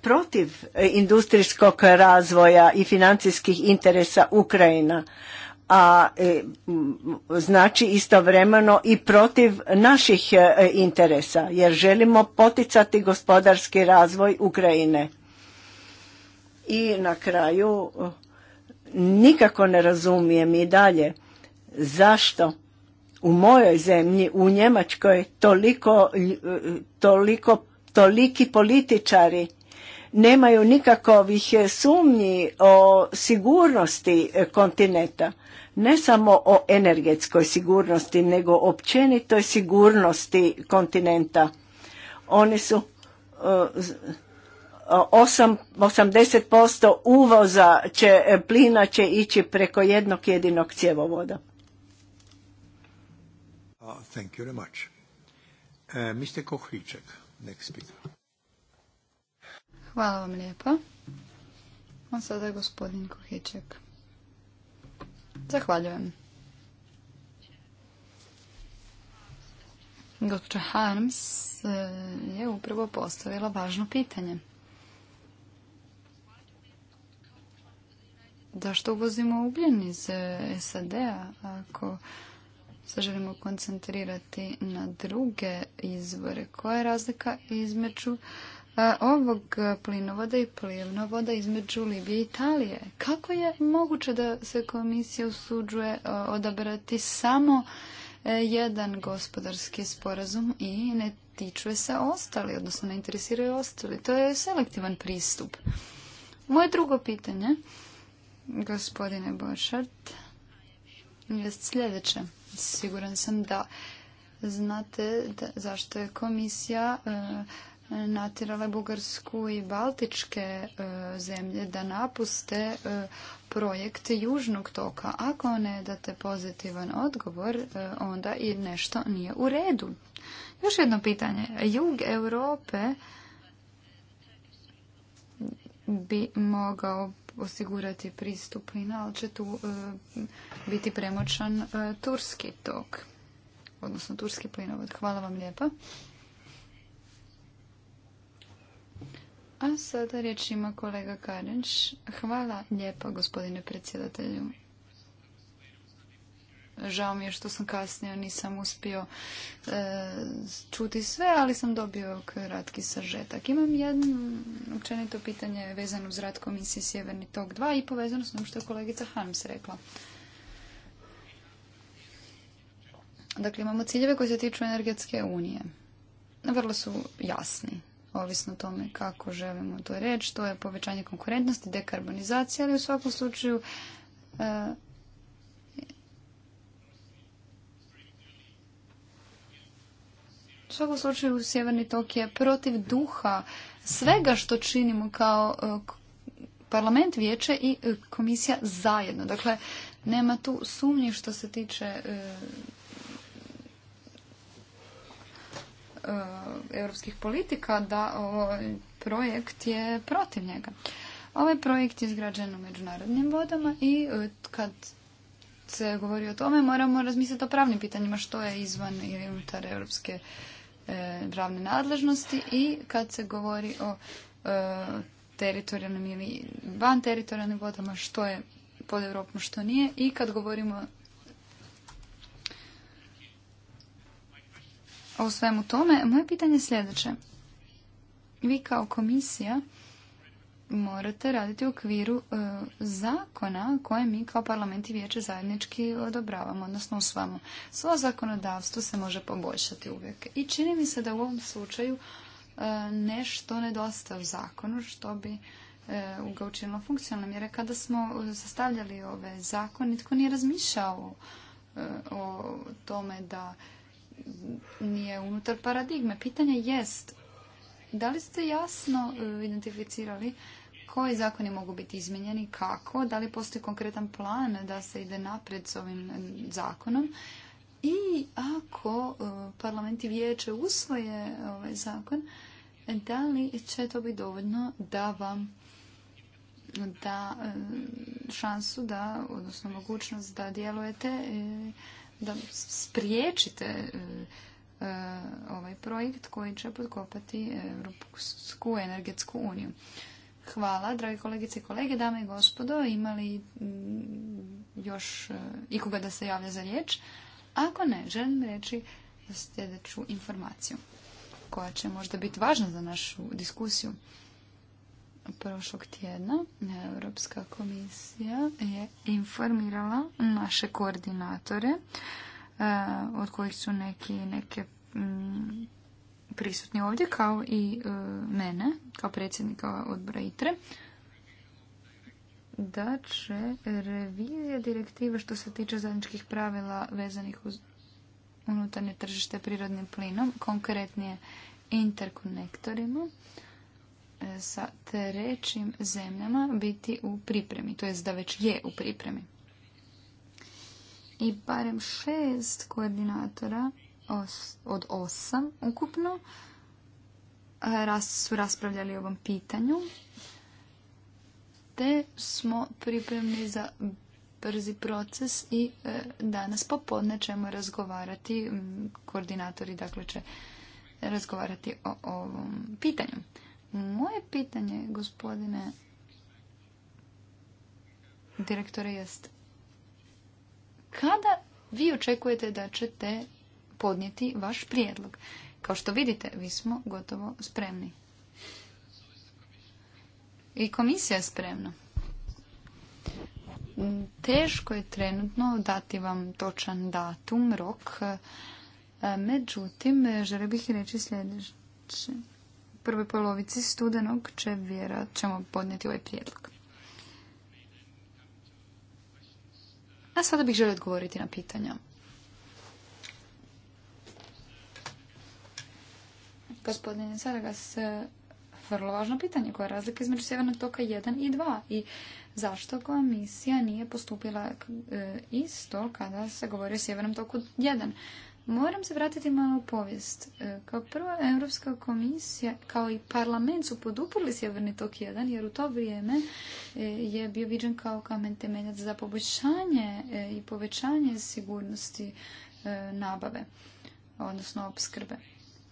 protiv industrijskog razvoja i financijskih interesa Ukrajina a e, znači istovremeno i protiv naših e, interesa jer želimo poticati gospodarski razvoj Ukrajine i na kraju e, nikako ne razumijem i dalje zašto u mojoj zemlji, u Njemačkoj, toliko, eh, toliko, toliki političari nemaju nikakovih eh, sumnji o sigurnosti eh, kontinenta. Ne samo o energetskoj sigurnosti, nego općenitoj sigurnosti kontinenta. Oni su 8, 80% uvoza će, plina će ići preko jednog jedinog cjevovoda. Thank you very much. Uh, Mr. Kohliček, next speaker. Hvala vam lijepa. A sada je gospodin Kohiček. Zahvaljujem. Gospođa Harms uh, je upravo postavila važno pitanje. Zašto uvozimo ugljen iz uh, SAD-a ako se želimo koncentrirati na druge izvore. Koja je razlika između e, ovog plinovoda i plinovoda između Libije i Italije. Kako je moguće da se komisija usuđuje e, odabrati samo e, jedan gospodarski sporazum i ne tičuje se ostali, odnosno ne interesiraju ostali. To je selektivan pristup. Moje drugo pitanje, gospodine Bošart, je sljedeće. Siguran sam da znate zašto je komisija e, natirala Bugarsku i Baltičke e, zemlje da napuste projekte projekt Južnog toka. Ako ne date pozitivan odgovor, e, onda i nešto nije u redu. Još jedno pitanje. Jug Europe bi mogao osigurati pristup plina, ali će tu e, biti premoćan e, turski tok, odnosno turski plinovod. Hvala vam lijepa. A sada riječ ima kolega Karinč. Hvala lijepa gospodine predsjedatelju. Žao mi je što sam kasnije nisam uspio e, čuti sve, ali sam dobio kratki sažetak. Imam jedno općenito pitanje vezano uz rad komisije Sjeverni tok 2 i povezano s onim što je kolegica Harms rekla. Dakle, imamo ciljeve koji se tiču energetske unije. Vrlo su jasni, ovisno o tome kako želimo to reći. To je povećanje konkurentnosti, dekarbonizacija, ali u svakom slučaju e, svakom slučaju Sjeverni tok je protiv duha svega što činimo kao e, parlament, vijeće i e, komisija zajedno. Dakle, nema tu sumnji što se tiče e, europskih politika da ovaj projekt je protiv njega. Ovaj projekt je izgrađen u međunarodnim vodama i kad se govori o tome moramo razmisliti o pravnim pitanjima što je izvan ili unutar Europske E, pravne nadležnosti i kad se govori o e, teritorijalnim ili van teritorijalnim vodama što je pod Europom što nije i kad govorimo o svemu tome, moje pitanje je sljedeće. Vi kao komisija morate raditi u okviru e, zakona koje mi kao parlament i vijeće zajednički odobravamo, odnosno usvamo. Svo zakonodavstvo se može poboljšati uvijek. I čini mi se da u ovom slučaju e, nešto nedostaje u zakonu što bi e, ga učinilo funkcionalnim. Jer kada smo sastavljali ove zakon, nitko nije razmišljao e, o tome da nije unutar paradigme. Pitanje jest da li ste jasno identificirali koji zakoni mogu biti izmijenjeni, kako, da li postoji konkretan plan da se ide napred s ovim zakonom i ako e, parlament i vijeće usvoje ovaj zakon, da li će to biti dovoljno da vam da e, šansu da, odnosno mogućnost da djelujete, da spriječite e, ovaj projekt koji će podkopati Europsku energetsku uniju. Hvala, dragi kolegice i kolege, dame i gospodo. Imali mm, još e, ikoga da se javlja za riječ? Ako ne, želim reći sljedeću informaciju koja će možda biti važna za našu diskusiju. Prošlog tjedna Europska komisija je informirala naše koordinatore e, od kojih su neki, neke mm, prisutni ovdje kao i e, mene, kao predsjednika odbora ITRE, da će revizija direktive što se tiče zajedničkih pravila vezanih uz unutarnje tržište prirodnim plinom, konkretnije interkonektorima, e, sa trećim zemljama biti u pripremi, to jest da već je u pripremi. I barem šest koordinatora od osam ukupno e, su raspravljali o ovom pitanju. Te smo pripremni za brzi proces i e, danas popodne ćemo razgovarati, koordinatori dakle će razgovarati o ovom pitanju. Moje pitanje, gospodine direktore, jest kada vi očekujete da ćete podnijeti vaš prijedlog. Kao što vidite, vi smo gotovo spremni. I komisija je spremna. Teško je trenutno dati vam točan datum, rok. E, međutim, žele bih reći sljedeće. Prvoj polovici studenog će vjerat ćemo podnijeti ovaj prijedlog. A sada bih želio odgovoriti na pitanja. gospodine Saragas, e, vrlo važno pitanje koja je razlika između Sjevernog toka 1 i 2 i zašto komisija nije postupila e, isto kada se govori o Sjevernom toku 1. Moram se vratiti malo u povijest. E, kao prva Europska komisija, kao i parlament su poduprli Sjeverni tok 1, jer u to vrijeme je bio viđen kao kamen temeljac za poboljšanje i povećanje sigurnosti nabave, odnosno opskrbe.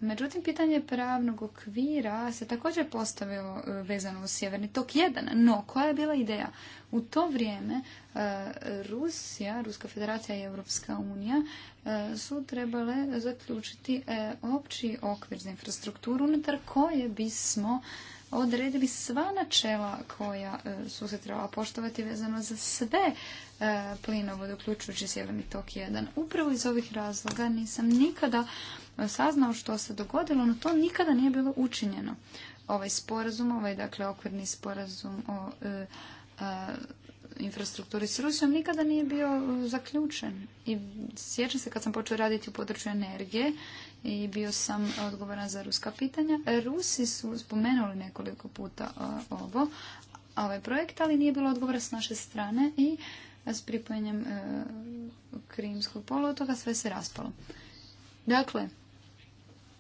Međutim, pitanje pravnog okvira se također postavilo e, vezano uz Sjeverni tok 1, no koja je bila ideja? U to vrijeme e, Rusija, Ruska federacija i Europska unija e, su trebale zaključiti opći okvir za infrastrukturu unutar koje bismo odredili sva načela koja su se trebala poštovati vezano za sve plinovode, uključujući Sjeverni tok 1. Upravo iz ovih razloga nisam nikada saznao što se dogodilo, no to nikada nije bilo učinjeno. Ovaj sporazum, ovaj dakle okvirni sporazum o e, infrastrukturi s Rusijom nikada nije bio e, zaključen. I sjećam se kad sam počeo raditi u području energije i bio sam odgovoran za ruska pitanja. Rusi su spomenuli nekoliko puta e, ovo, a ovaj projekt, ali nije bilo odgovora s naše strane i s pripojenjem e, Krimskog toga sve se raspalo. Dakle,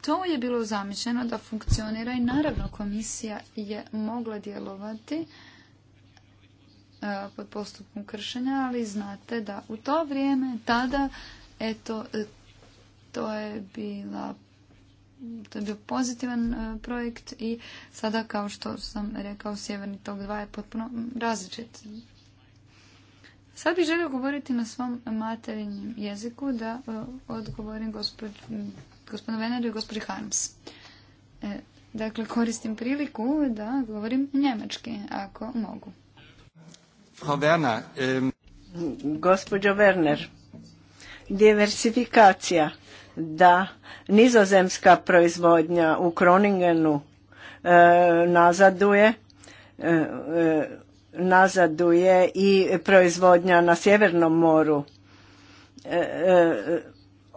to je bilo zamišljeno da funkcionira i naravno komisija je mogla djelovati e, pod postupkom kršenja, ali znate da u to vrijeme, tada, eto, e, to je bila to je bio pozitivan e, projekt i sada kao što sam rekao Sjeverni tok dva je potpuno različit. Sad bih želio govoriti na svom materinjem jeziku da odgovorim gospodinu gospodinu Veneru i gospođo Harms. E, dakle, koristim priliku da govorim njemački, ako mogu. Frau Werner, Gospođo Werner, diversifikacija, da, nizozemska proizvodnja u Kroningenu e, nazaduje, e, nazaduje i proizvodnja na Sjevernom moru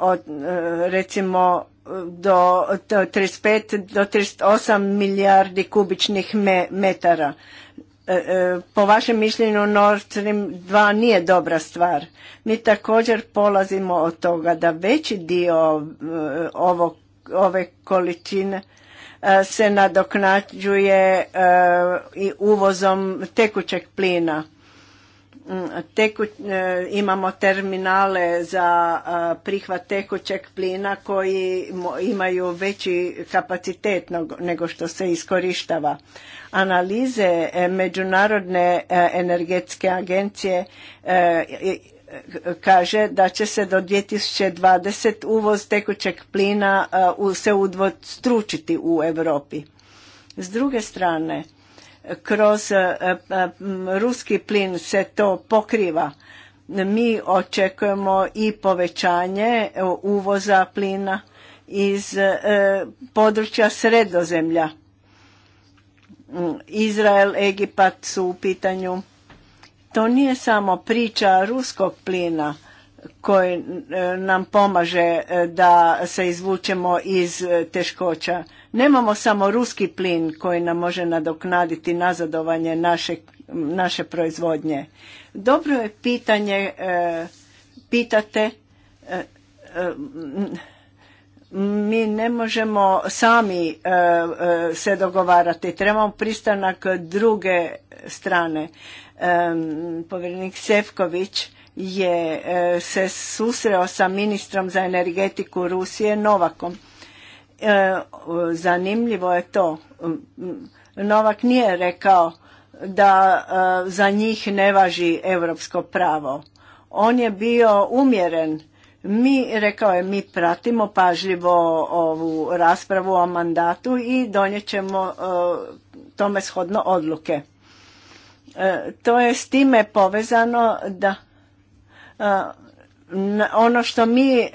od e, recimo do 35 do 38 milijardi kubičnih metara. E, e, po vašem mišljenju Nord Stream 2 nije dobra stvar. Mi također polazimo od toga da veći dio ove količine se nadoknađuje i uvozom tekućeg plina Teku, e, imamo terminale za prihvat tekućeg plina koji imaju veći kapacitet nego što se iskorištava. Analize e, Međunarodne e, energetske agencije kaže da će se do 2020 uvoz tekućeg plina se udvostručiti u Europi. S druge strane, kroz e, e, ruski plin se to pokriva. Mi očekujemo i povećanje e, uvoza plina iz područja sredozemlja. Mm, Izrael, Egipat su u pitanju. To nije samo priča ruskog plina koji e, nam pomaže e, da se izvučemo iz e, teškoća. Nemamo samo ruski plin koji nam može nadoknaditi nazadovanje naše, naše proizvodnje. Dobro je pitanje, pitate, mi ne možemo sami se dogovarati, trebamo pristanak druge strane. Povjerenik Sefković je e, se susreo sa ministrom za energetiku Rusije Novakom. E, zanimljivo je to. E, Novak nije rekao da za njih ne važi europsko pravo. On je bio umjeren. Mi, rekao je, mi pratimo pažljivo ovu raspravu o mandatu i donijet ćemo tome shodno odluke. To je s time povezano da ono što mi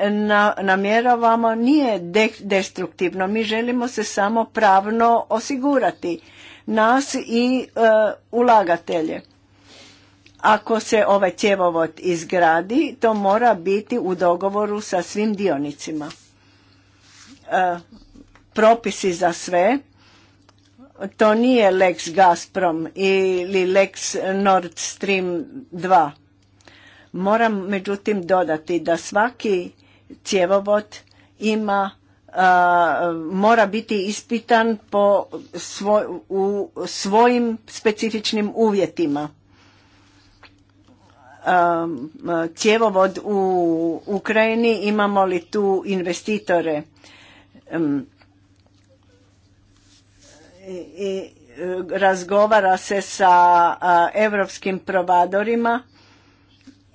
namjeravamo nije destruktivno mi želimo se samo pravno osigurati nas i e, ulagatelje ako se ovaj cjevovod izgradi to mora biti u dogovoru sa svim dionicima e, propisi za sve to nije lex Gazprom ili lex Nord Stream 2 Moram međutim dodati da svaki cjevovod ima mora biti ispitan po svoj, u svojim specifičnim uvjetima. cjevovod u Ukrajini, imamo li tu investitore? I, i razgovara se sa europskim provadorima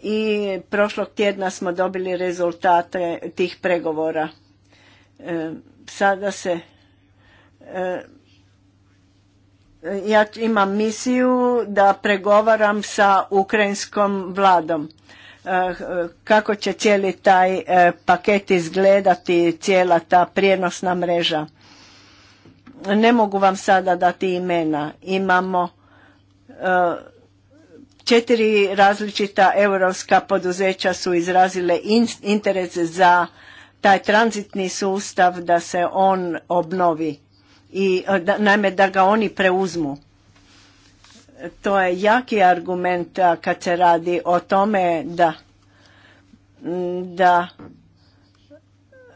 i prošlog tjedna smo dobili rezultate tih pregovora. E, sada se e, ja imam misiju da pregovaram sa ukrajinskom vladom e, kako će cijeli taj paket izgledati, cijela ta prijenosna mreža. Ne mogu vam sada dati imena. Imamo Četiri različita europska poduzeća su izrazile interes za taj tranzitni sustav da se on obnovi i e, da, naime da ga oni preuzmu. To je jaki argument kad se radi o tome da da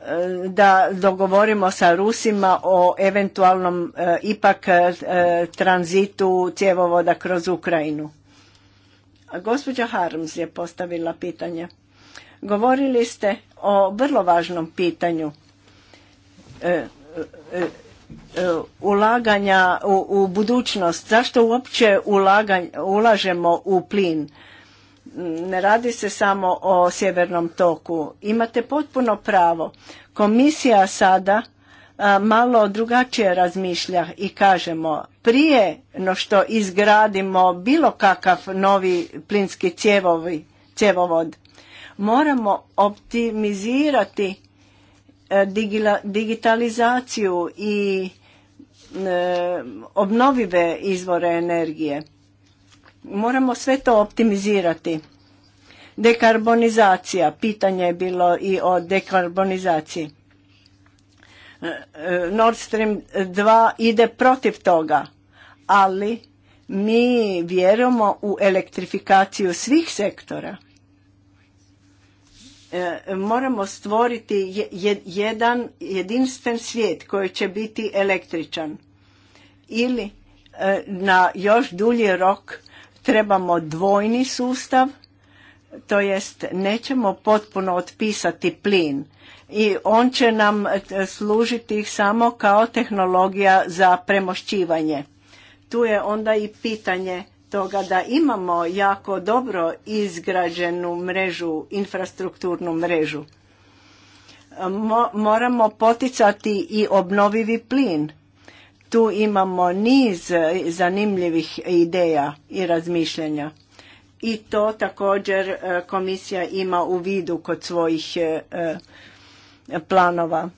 e, da dogovorimo sa Rusima o eventualnom e, ipak tranzitu cjevovoda kroz Ukrajinu. Gospođa Harms je postavila pitanje. Govorili ste o vrlo važnom pitanju e, e, e, ulaganja u, u budućnost. Zašto uopće ulaganj, ulažemo u plin? Ne radi se samo o sjevernom toku. Imate potpuno pravo. Komisija sada malo drugačije razmišlja i kažemo prije no što izgradimo bilo kakav novi plinski cjevovi, cjevovod moramo optimizirati e, digitalizaciju i e, obnovive izvore energije. Moramo sve to optimizirati. Dekarbonizacija, pitanje je bilo i o dekarbonizaciji. Nord Stream 2 ide protiv toga, ali mi vjerujemo u elektrifikaciju svih sektora. E, moramo stvoriti jedan jedinstven svijet koji će biti električan. Ili e, na još dulji rok trebamo dvojni sustav, to jest nećemo potpuno otpisati plin, i on će nam e, služiti samo kao tehnologija za premošćivanje. Tu je onda i pitanje toga da imamo jako dobro izgrađenu mrežu, infrastrukturnu mrežu. moramo poticati i obnovivi plin. Tu imamo niz e, zanimljivih ideja i razmišljanja. I to također e, komisija ima u vidu kod svojih planova.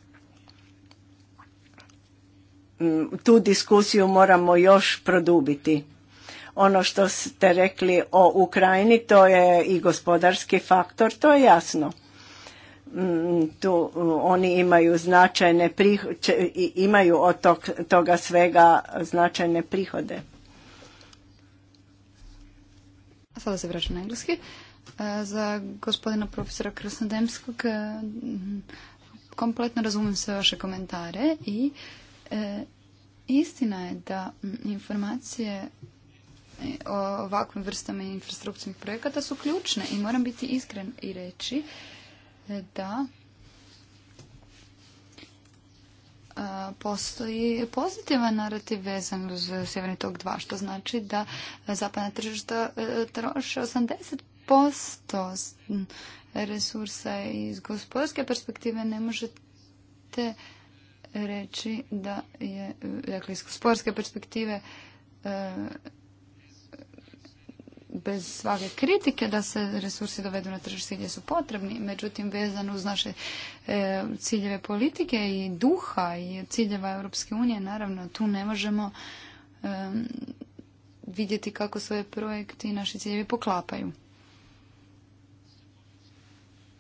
Mm, tu diskusiju moramo još produbiti. Ono što ste rekli o Ukrajini, to je i gospodarski faktor, to je jasno. Mm, tu mm, oni imaju značajne prihode, imaju od tog, toga svega značajne prihode. A sada se vraćam na engleski. E, za gospodina profesora Krasnodemskog e, kompletno razumijem sve vaše komentare i e, istina je da informacije e, o ovakvim vrstama infrastrukturnih projekata su ključne i moram biti iskren i reći e, da postoji pozitivan narativ vezan uz Sjeverni tok 2, što znači da zapadna tržišta troše 80% resursa iz gospodarske perspektive ne možete reći da je, dakle iz gospodarske perspektive e, bez svake kritike da se resursi dovedu na tržište gdje su potrebni, međutim vezano uz naše e, ciljeve politike i duha i ciljeva Europske unije, naravno tu ne možemo e, vidjeti kako svoje projekti i naši ciljevi poklapaju.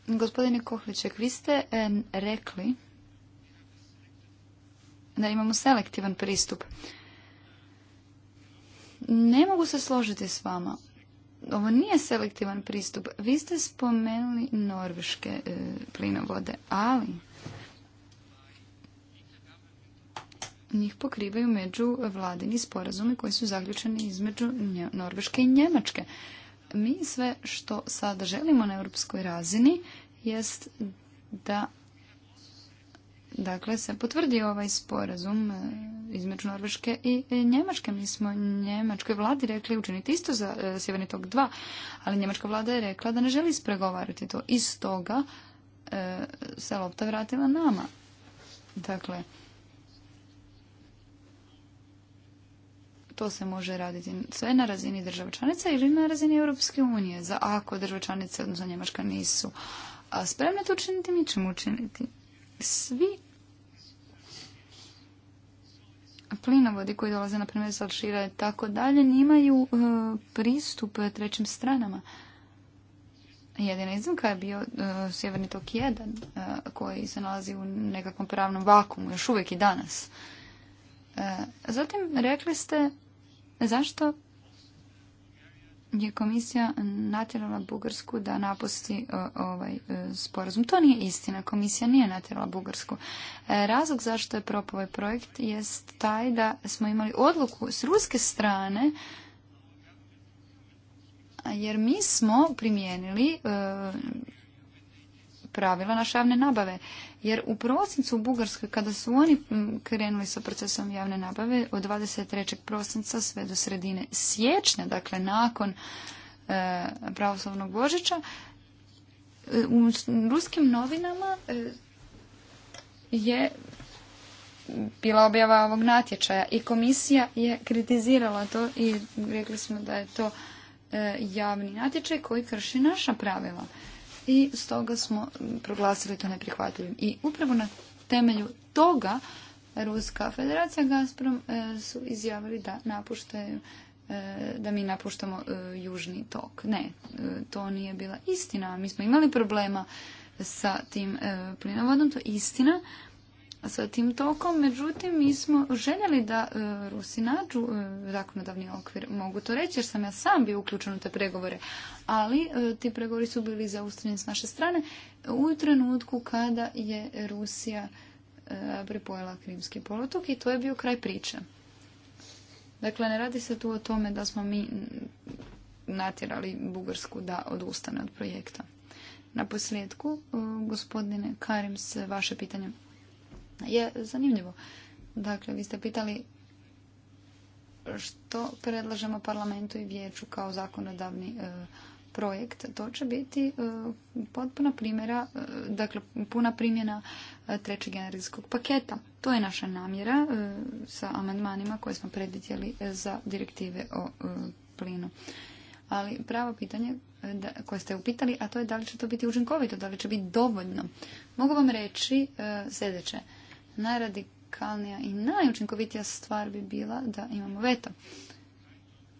Gospodine Kohliček, vi ste rekli da imamo selektivan pristup. Ne mogu se složiti s vama. Ovo nije selektivan pristup. Vi ste spomenuli norveške e, plinovode, ali njih pokrivaju među vladini sporazumi koji su zaključeni između Norveške i Njemačke mi sve što sada želimo na europskoj razini jest da dakle se potvrdi ovaj sporazum e, između Norveške i Njemačke. Mi smo Njemačkoj vladi rekli učiniti isto za e, Sjeverni tok 2, ali Njemačka vlada je rekla da ne želi spregovarati to. Iz toga e, se lopta vratila nama. Dakle, To se može raditi sve na razini država članica ili na razini Europske unije. Za ako država članice, odnosno Njemačka, nisu a spremne to učiniti, mi ćemo učiniti. Svi plinovodi koji dolaze, na primjer, sa Alšira i tako dalje, nimaju e, pristup trećim stranama. Jedina iznimka je bio e, Sjeverni tok 1, e, koji se nalazi u nekakvom pravnom vakumu, još uvijek i danas. Zatim, rekli ste Zašto je komisija natjerala Bugarsku da napusti e, ovaj e, sporazum? To nije istina. Komisija nije natjerala Bugarsku. E, razlog zašto je propao ovaj projekt jest taj da smo imali odluku s ruske strane jer mi smo primijenili pravila naše javne nabave. Jer u prosincu u Bugarskoj, kada su oni krenuli sa procesom javne nabave, od 23. prosinca sve do sredine siječnja, dakle nakon e, pravoslavnog božića, e, u ruskim novinama e, je bila objava ovog natječaja i komisija je kritizirala to i rekli smo da je to e, javni natječaj koji krši naša pravila i stoga smo proglasili to neprihvatljivim. I upravo na temelju toga Ruska federacija Gazprom e, su izjavili da napuštaju e, da mi napuštamo e, južni tok. Ne, to nije bila istina. Mi smo imali problema sa tim plinovodom, to je istina, sa tim tokom, međutim mi smo željeli da e, Rusi nađu e, zakonodavni okvir, mogu to reći jer sam ja sam bio uključen u te pregovore, ali e, ti pregovori su bili zaustavljeni s naše strane u trenutku kada je Rusija pripojila Krimski polotok i to je bio kraj priče. Dakle, ne radi se tu o tome da smo mi natjerali Bugarsku da odustane od projekta. Na posljedku, gospodine Karim, vaše pitanje je zanimljivo. Dakle, vi ste pitali što predlažemo parlamentu i vijeću kao zakonodavni e, projekt. To će biti e, potpuna primjera, e, dakle puna primjena trećeg energetskog paketa. To je naša namjera sa amandmanima koje smo predvidjeli za direktive o plinu. Ali pravo pitanje koje ste upitali, a to je da li će to biti učinkovito, da li će biti dovoljno. Mogu vam reći sljedeće najradikalnija i najučinkovitija stvar bi bila da imamo veto.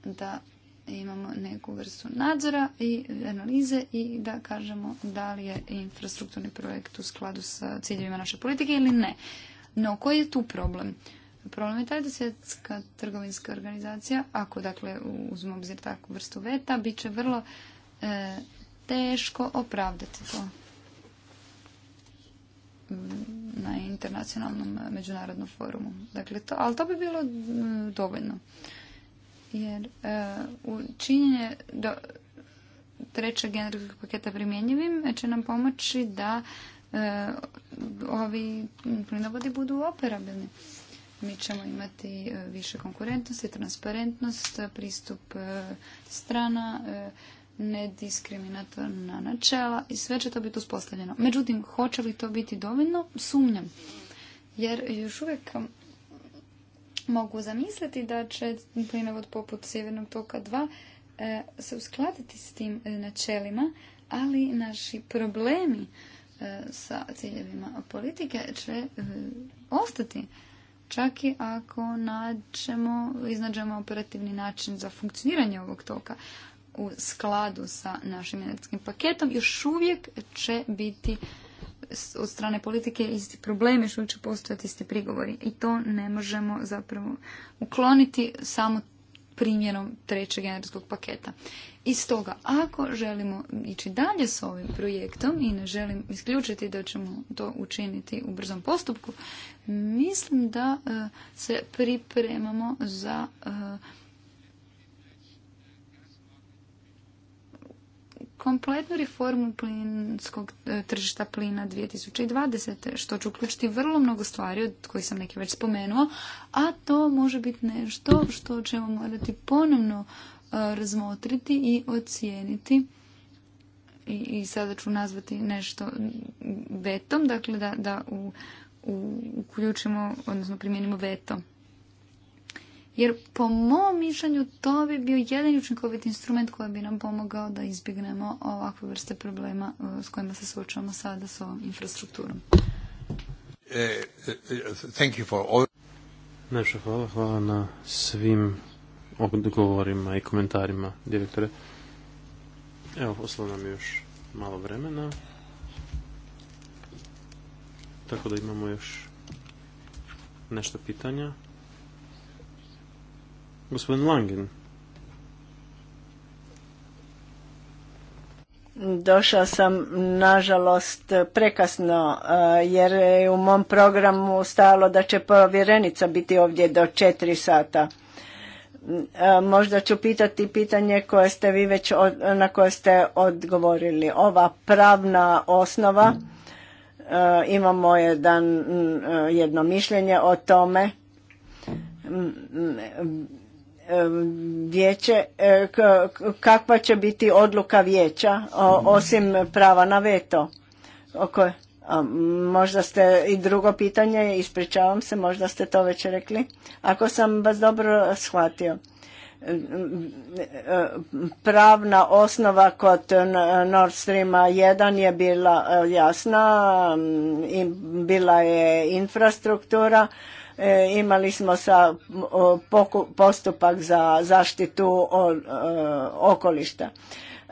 Da imamo neku vrstu nadzora i analize i da kažemo da li je infrastrukturni projekt u skladu sa ciljevima naše politike ili ne. No, koji je tu problem? Problem je taj da svjetska trgovinska organizacija, ako dakle uzmemo obzir takvu vrstu veta, bit će vrlo e, teško opravdati to. Mm, na internacionalnom međunarodnom forumu. Dakle, to, ali to bi bilo mm, dovoljno. Jer e, činjenje do trećeg energetskog paketa primjenjivim će nam pomoći da e, ovi plinovodi budu operabilni. Mi ćemo imati e, više konkurentnosti, transparentnost, pristup strana, nediskriminatorna načela i sve će to biti uspostavljeno. Međutim, hoće li to biti dovoljno? Sumnjam. Jer još uvijek mogu zamisliti da će plinovod poput Sjevernog toka 2 e, se uskladiti s tim načelima, ali naši problemi e, sa ciljevima politike će e, ostati. Čak i ako nađemo, iznađemo operativni način za funkcioniranje ovog toka u skladu sa našim energetskim paketom, još uvijek će biti od strane politike isti problemi, još uvijek će postojati isti prigovori. I to ne možemo zapravo ukloniti samo primjenom trećeg energetskog paketa. I stoga, ako želimo ići dalje s ovim projektom i ne želim isključiti da ćemo to učiniti u brzom postupku, mislim da e, se pripremamo za e, kompletnu reformu plinskog e, tržišta plina 2020. što će uključiti vrlo mnogo stvari od kojih sam neke već spomenuo, a to može biti nešto što ćemo morati ponovno e, razmotriti i ocijeniti i, sada ću nazvati nešto vetom, dakle da, uključimo, odnosno primijenimo veto. Jer po mom mišljenju to bi bio jedan učinkovit instrument koji bi nam pomogao da izbjegnemo ovakve vrste problema e, s kojima se suočavamo sada s ovom infrastrukturom. E, e, Najviše hvala, hvala na svim odgovorima i komentarima, direktore. Evo, poslao nam još malo vremena. Tako da imamo još nešto pitanja. Gospodin Langen. Došao sam nažalost prekasno e, jer je u mom programu stajalo da će povjerenica biti ovdje do četiri sata. E, možda ću pitati pitanje koje ste vi već na koje ste odgovorili. Ova pravna osnova, e, imamo jedan, jedno mišljenje o tome vijeće, e, kakva će biti odluka vijeća osim prava na veto? Oko, možda ste i drugo pitanje, ispričavam se, možda ste to već rekli, ako sam vas dobro shvatio. Pravna osnova kod Nord Stream 1 je bila e, jasna, bila je infrastruktura, E, imali smo sa postupak za zaštitu e, okolišta,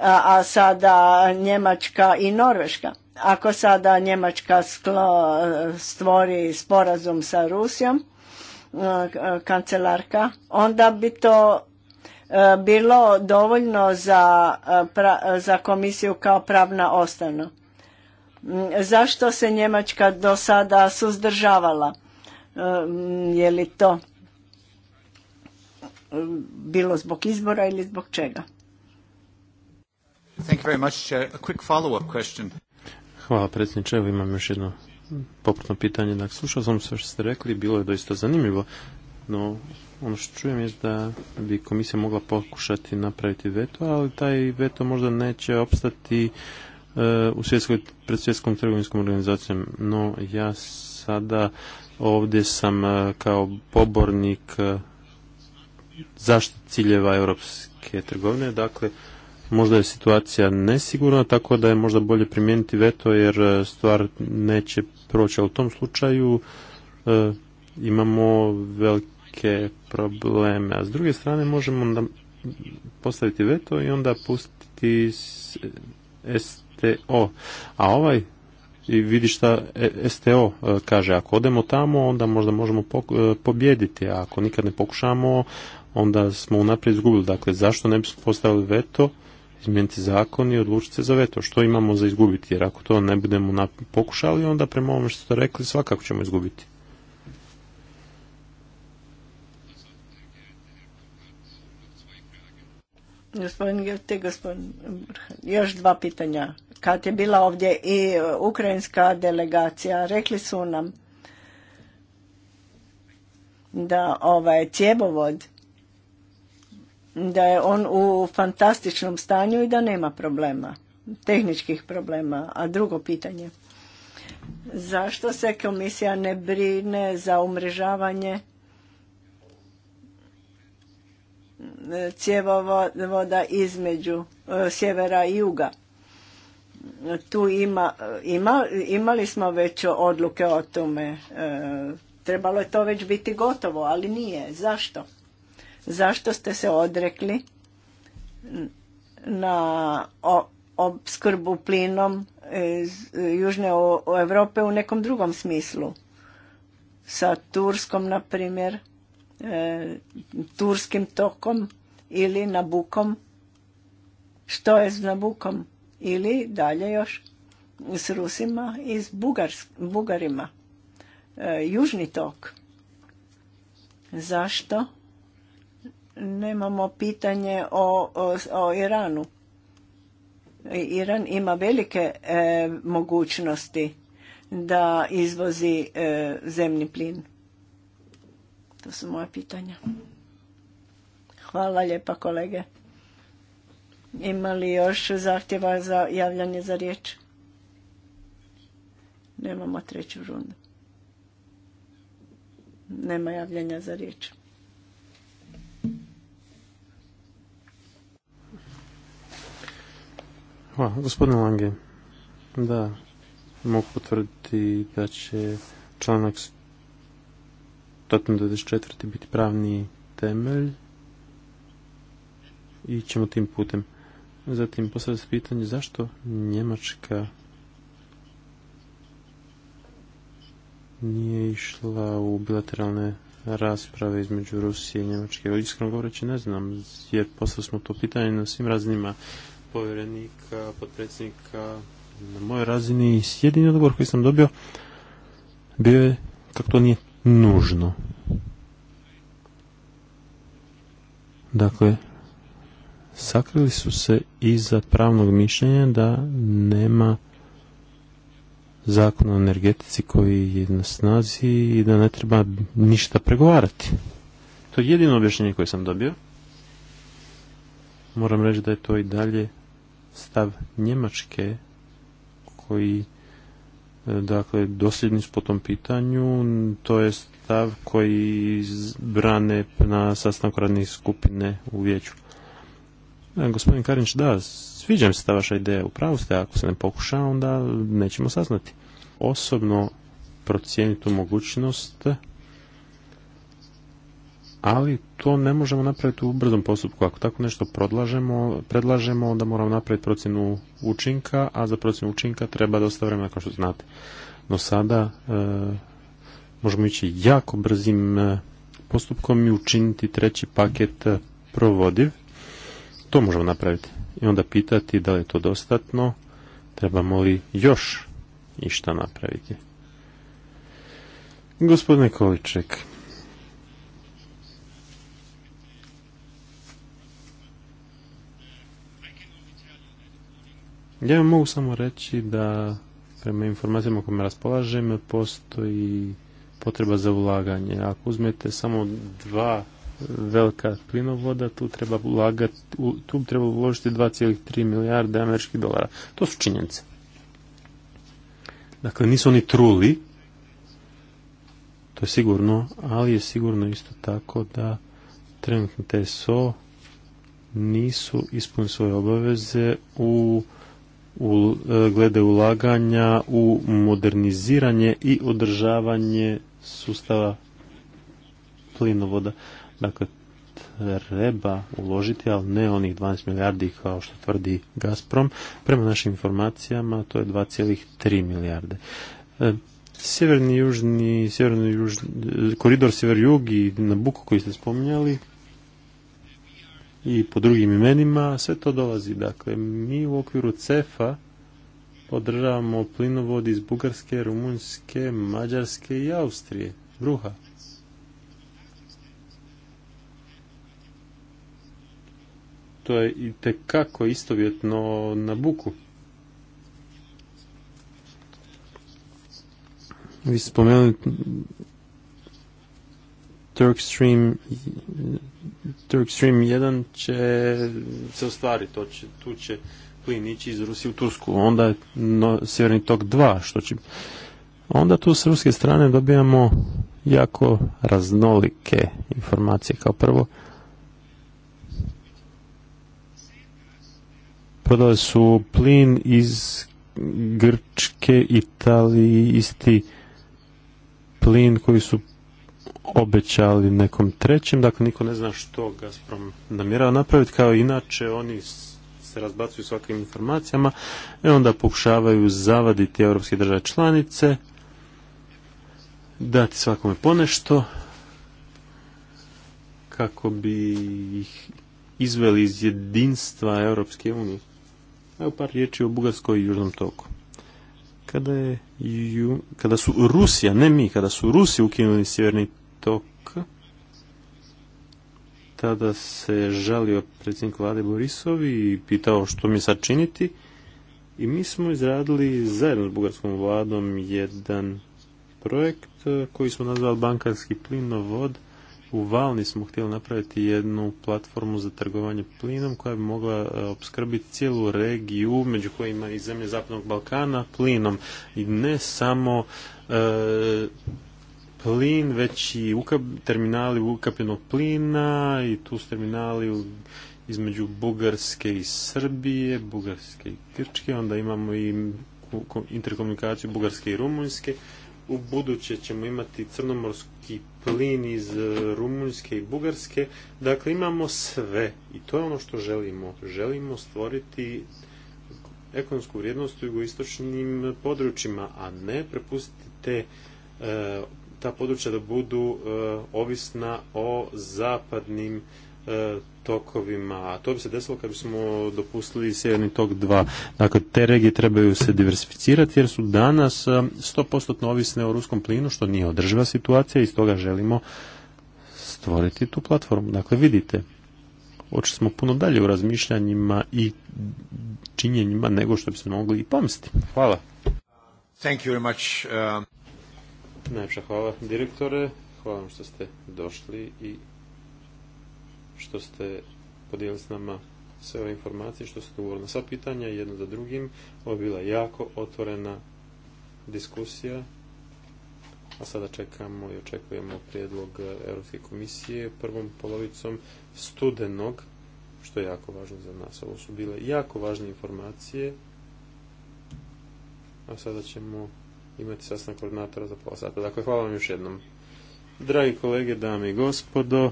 a sada Njemačka i Norveška. Ako sada Njemačka stvori sporazum sa Rusijom, e, kancelarka, onda bi to bilo dovoljno za, za komisiju kao pravna ostana. Zašto se Njemačka do sada suzdržavala? Je li to bilo zbog izbora ili zbog čega? Thank you very much. Hvala predsjedniče, evo imam još jedno poputno pitanje. Dakle, slušao sam sve što ste rekli, bilo je doista zanimljivo, no ono što čujem je da bi komisija mogla pokušati napraviti veto, ali taj veto možda neće opstati e, u svjetskoj, pred svjetskom trgovinskom organizacijom. No ja sada Ovdje sam e, kao pobornik e, zaštite ciljeva europske trgovine, dakle možda je situacija nesigurna, tako da je možda bolje primijeniti veto jer e, stvar neće proći. u tom slučaju imamo velike probleme. A s druge strane možemo onda postaviti veto i onda pustiti STO. A ovaj i vidi šta e- STO e, kaže. Ako odemo tamo, onda možda možemo e, pobjediti, a ako nikad ne pokušamo, onda smo unaprijed izgubili. Dakle, zašto ne bismo postavili veto, izmijeniti zakon i odlučiti se za veto? Što imamo za izgubiti? Jer ako to ne budemo pokušali, onda prema ovome što ste rekli, svakako ćemo izgubiti. Gospodin Gerte, gospodin, još dva pitanja kad je bila ovdje i e, ukrajinska delegacija, rekli su nam da ovaj cjevovod da je on u fantastičnom stanju i da nema problema, tehničkih problema. A drugo pitanje, zašto se komisija ne brine za umrežavanje e, cjevovoda između e, sjevera i juga? tu ima, ima, imali smo već odluke o tome. E, trebalo je to već biti gotovo, ali nije. Zašto? Zašto ste se odrekli na opskrbu plinom iz Južne Europe u nekom drugom smislu? Sa Turskom, na primjer, e, Turskim tokom ili Nabukom? Što je s Nabukom? ili dalje još s Rusima i s Bugarima. E, južni tok. Zašto? Nemamo pitanje o, Iranu. Iran ima velike e, mogućnosti da izvozi e, zemni plin. To su moja pitanja. Hvala lijepa kolege. Ima li još zahtjeva za javljanje za riječ? Nemamo treću rundu. Nema javljanja za riječ. Hvala, gospodine Lange. Da, mogu potvrditi da će članak 194. biti pravni temelj i ćemo tim putem. Zatim postavlja se pitanje zašto Njemačka nije išla u bilateralne rasprave između Rusije i Njemačke. Iskreno govoreći ne znam, jer postavili smo to pitanje na svim razinima povjerenika, potpredsjednika, na mojoj razini jedini odgovor koji sam dobio bio je kako to nije nužno. Dakle, sakrili su se iza pravnog mišljenja da nema zakona o energetici koji je na snazi i da ne treba ništa pregovarati. To je jedino objašnjenje koje sam dobio. Moram reći da je to i dalje stav Njemačke koji e, dakle dosljedni po tom pitanju to je stav koji brane na sastanku radnih skupine u vijeću E, gospodin Karinč, da, sviđa mi se ta vaša ideja. Upravo ste, ako se ne pokuša, onda nećemo saznati. Osobno procijeniti tu mogućnost, ali to ne možemo napraviti u brzom postupku. Ako tako nešto predlažemo, predlažemo onda moramo napraviti procjenu učinka, a za procjenu učinka treba dosta vremena, kao što znate. No sada e, možemo ići jako brzim e, postupkom i učiniti treći paket provodiv to možemo napraviti. I onda pitati da li je to dostatno, trebamo li još išta napraviti. Gospodine Količek, Ja vam mogu samo reći da prema informacijama kojima raspolažem postoji potreba za ulaganje. Ako uzmete samo dva velika plinovoda, tu treba, ulagati, tu treba uložiti 2,3 milijarde američkih dolara. To su činjenice. Dakle, nisu oni truli, to je sigurno, ali je sigurno isto tako da trenutno TSO nisu ispunili svoje obaveze u, u e, glede ulaganja u moderniziranje i održavanje sustava plinovoda. Dakle, treba uložiti, ali ne onih 12 milijardi kao što tvrdi Gazprom. Prema našim informacijama to je 2,3 milijarde. E, sjeverni južni, sjeverni južni, koridor sjever-jug i Buku koji ste spominjali i po drugim imenima, sve to dolazi. Dakle, mi u okviru CEFA podržavamo plinovod iz Bugarske, Rumunjske, Mađarske i Austrije. Bruha. to je i tekako istovjetno na buku. Vi ste spomenuli Turkstream Turkstream 1 će se ostvariti, to će, tu će plin ići iz Rusije u Tursku, onda Sjeverni tok 2, što će... Onda tu s ruske strane dobijamo jako raznolike informacije. Kao prvo, prodali su plin iz Grčke, Italiji, isti plin koji su obećali nekom trećem, dakle niko ne zna što Gazprom namjerava napraviti, kao inače oni se razbacuju svakim informacijama i onda pokušavaju zavaditi europske države članice, dati svakome ponešto, kako bi ih izveli iz jedinstva Europske unije. Evo par riječi o Bugarskoj i Južnom toku. Kada, je, kada su Rusija, ne mi, kada su Rusi ukinuli Sjeverni tok, tada se žalio predsjednik vlade Borisov i pitao što mi sad činiti. I mi smo izradili zajedno s bugarskom vladom jedan projekt koji smo nazvali bankarski plinovod u Valni smo htjeli napraviti jednu platformu za trgovanje plinom koja bi mogla e, opskrbiti cijelu regiju među kojima i zemlje Zapadnog Balkana plinom i ne samo e, plin, već i terminali ukapljenog plina i tu su terminali između Bugarske i Srbije, Bugarske i Grčke, onda imamo i interkomunikaciju Bugarske i Rumunjske. U buduće ćemo imati crnomorsku plin iz e, Rumunjske i Bugarske. Dakle, imamo sve i to je ono što želimo. Želimo stvoriti ekonomsku vrijednost u jugoistočnim područjima, a ne prepustiti e, ta područja da budu e, ovisna o zapadnim E, tokovima, a to bi se desilo kad bismo dopustili sjeverni tok 2. Dakle, te regije trebaju se diversificirati jer su danas 100% e, ovisne o ruskom plinu, što nije održiva situacija i stoga želimo stvoriti tu platformu. Dakle, vidite, oči smo puno dalje u razmišljanjima i činjenjima nego što bismo mogli i pomisliti. Hvala. Thank you very much. Uh, Najpša hvala direktore, hvala vam što ste došli i što ste podijelili s nama sve ove informacije, što ste govorili na sva pitanja, jedno za drugim. Ovo je bila jako otvorena diskusija, a sada čekamo i očekujemo prijedlog Europske komisije prvom polovicom studenog, što je jako važno za nas. Ovo su bile jako važne informacije, a sada ćemo imati sastanak koordinatora za pola sata. Dakle, hvala vam još jednom. Dragi kolege, dame i gospodo,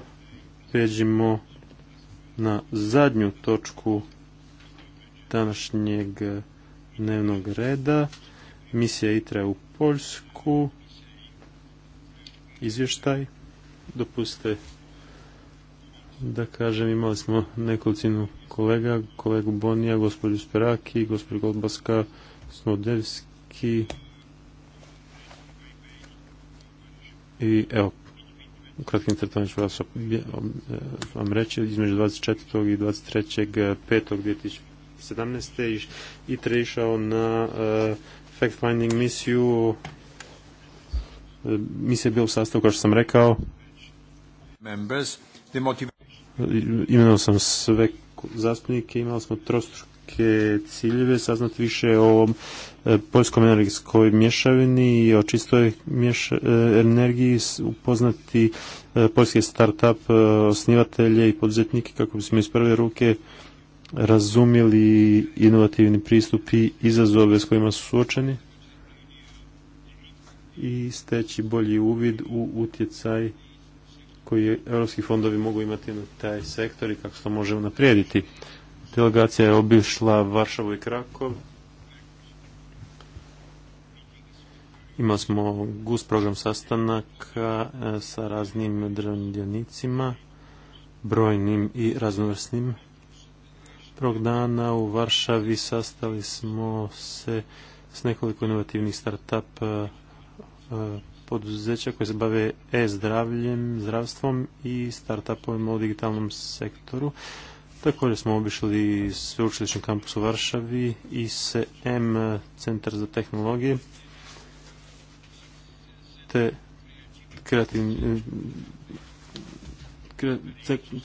pređemo na zadnju točku današnjeg dnevnog reda. Misija ITRA u Poljsku. Izvještaj. Dopuste da kažem, imali smo nekolicinu kolega, kolegu Bonija, gospođu Speraki, gospođu Golbaska, Snodevski. I evo, u kratkim crtama ću vas e, vam reći između 24. i 23. E, petog 2017. i išao na e, fact finding misiju misija je bila u sastavu kao što sam rekao members imenovao sam sve zastupnike imali smo trostruku neke ciljeve, saznati više o e, poljskom energetskoj mješavini i o čistoj e, energiji, upoznati e, poljske start-up osnivatelje i poduzetnike kako bismo iz prve ruke razumjeli inovativni pristup i izazove s kojima su suočeni i steći bolji uvid u utjecaj koji europski fondovi mogu imati na taj sektor i kako se to može unaprijediti. Delegacija je obišla Varšavu i Krakov. Imali smo gust program sastanaka e, sa raznim državnim djelnicima, brojnim i raznovrsnim. Prvog dana u Varšavi sastali smo se s nekoliko inovativnih start-up e, e, poduzeća koje se bave e-zdravljem, zdravstvom i startupovima u digitalnom sektoru. Također smo obišli sveučilišni kampus u Varšavi, i ICM, Centar za tehnologije, te kreativni,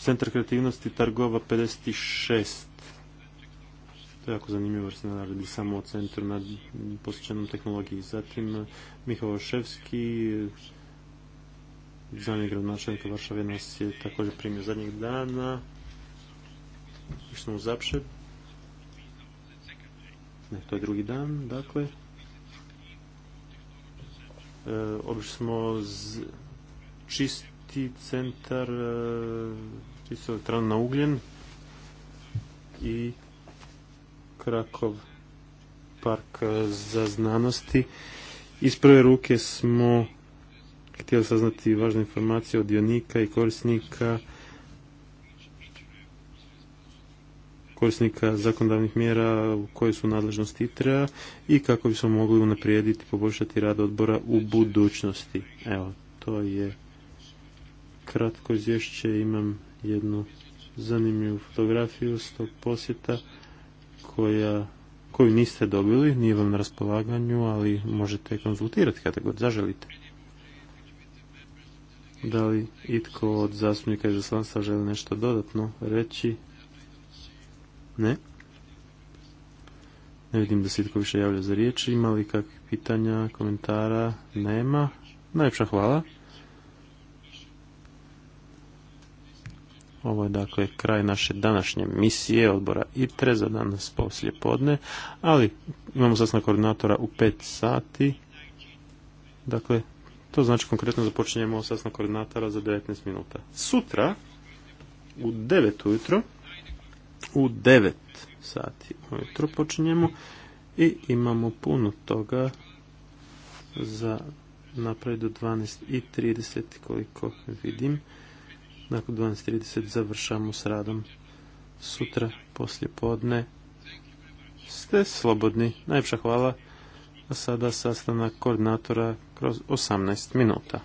Centar kreativnosti Targova 56. To je jako zanimljivo jer se ne radi samo o centru na posjećenom tehnologiji. Zatim Mihao Ševski, zamjenik gradonačelnika Varšave nas je također primio zadnjih dana. Što mu zapše? Ne, to je drugi dan, dakle. E, smo z... čisti centar e, čisto na ugljen i Krakov park e, za znanosti. Iz prve ruke smo htjeli saznati važne informacije od dionika i korisnika korisnika zakonodavnih mjera koje su nadležnosti ITRA i kako bismo mogli unaprijediti, poboljšati rad odbora u budućnosti. Evo, to je kratko izvješće, imam jednu zanimljivu fotografiju s tog posjeta koja, koju niste dobili, nije vam na raspolaganju, ali možete konzultirati kada god zaželite. Da li itko od zastupnika izaslanstva želi nešto dodatno reći? Ne. Ne vidim da se itko više javlja za riječ. Ima li kakvih pitanja, komentara? Nema. Najljepša hvala. Ovo je dakle kraj naše današnje misije odbora ITRE za danas poslije podne, ali imamo sasna koordinatora u 5 sati. Dakle, to znači konkretno započinjemo sasna koordinatora za 19 minuta. Sutra u 9 ujutro u devet sati ujutro počinjemo i imamo puno toga za napraviti do 12.30 koliko vidim. Nakon 12.30 završamo s radom sutra poslje podne. Ste slobodni. Najpša hvala. A sada sastanak koordinatora kroz 18 minuta.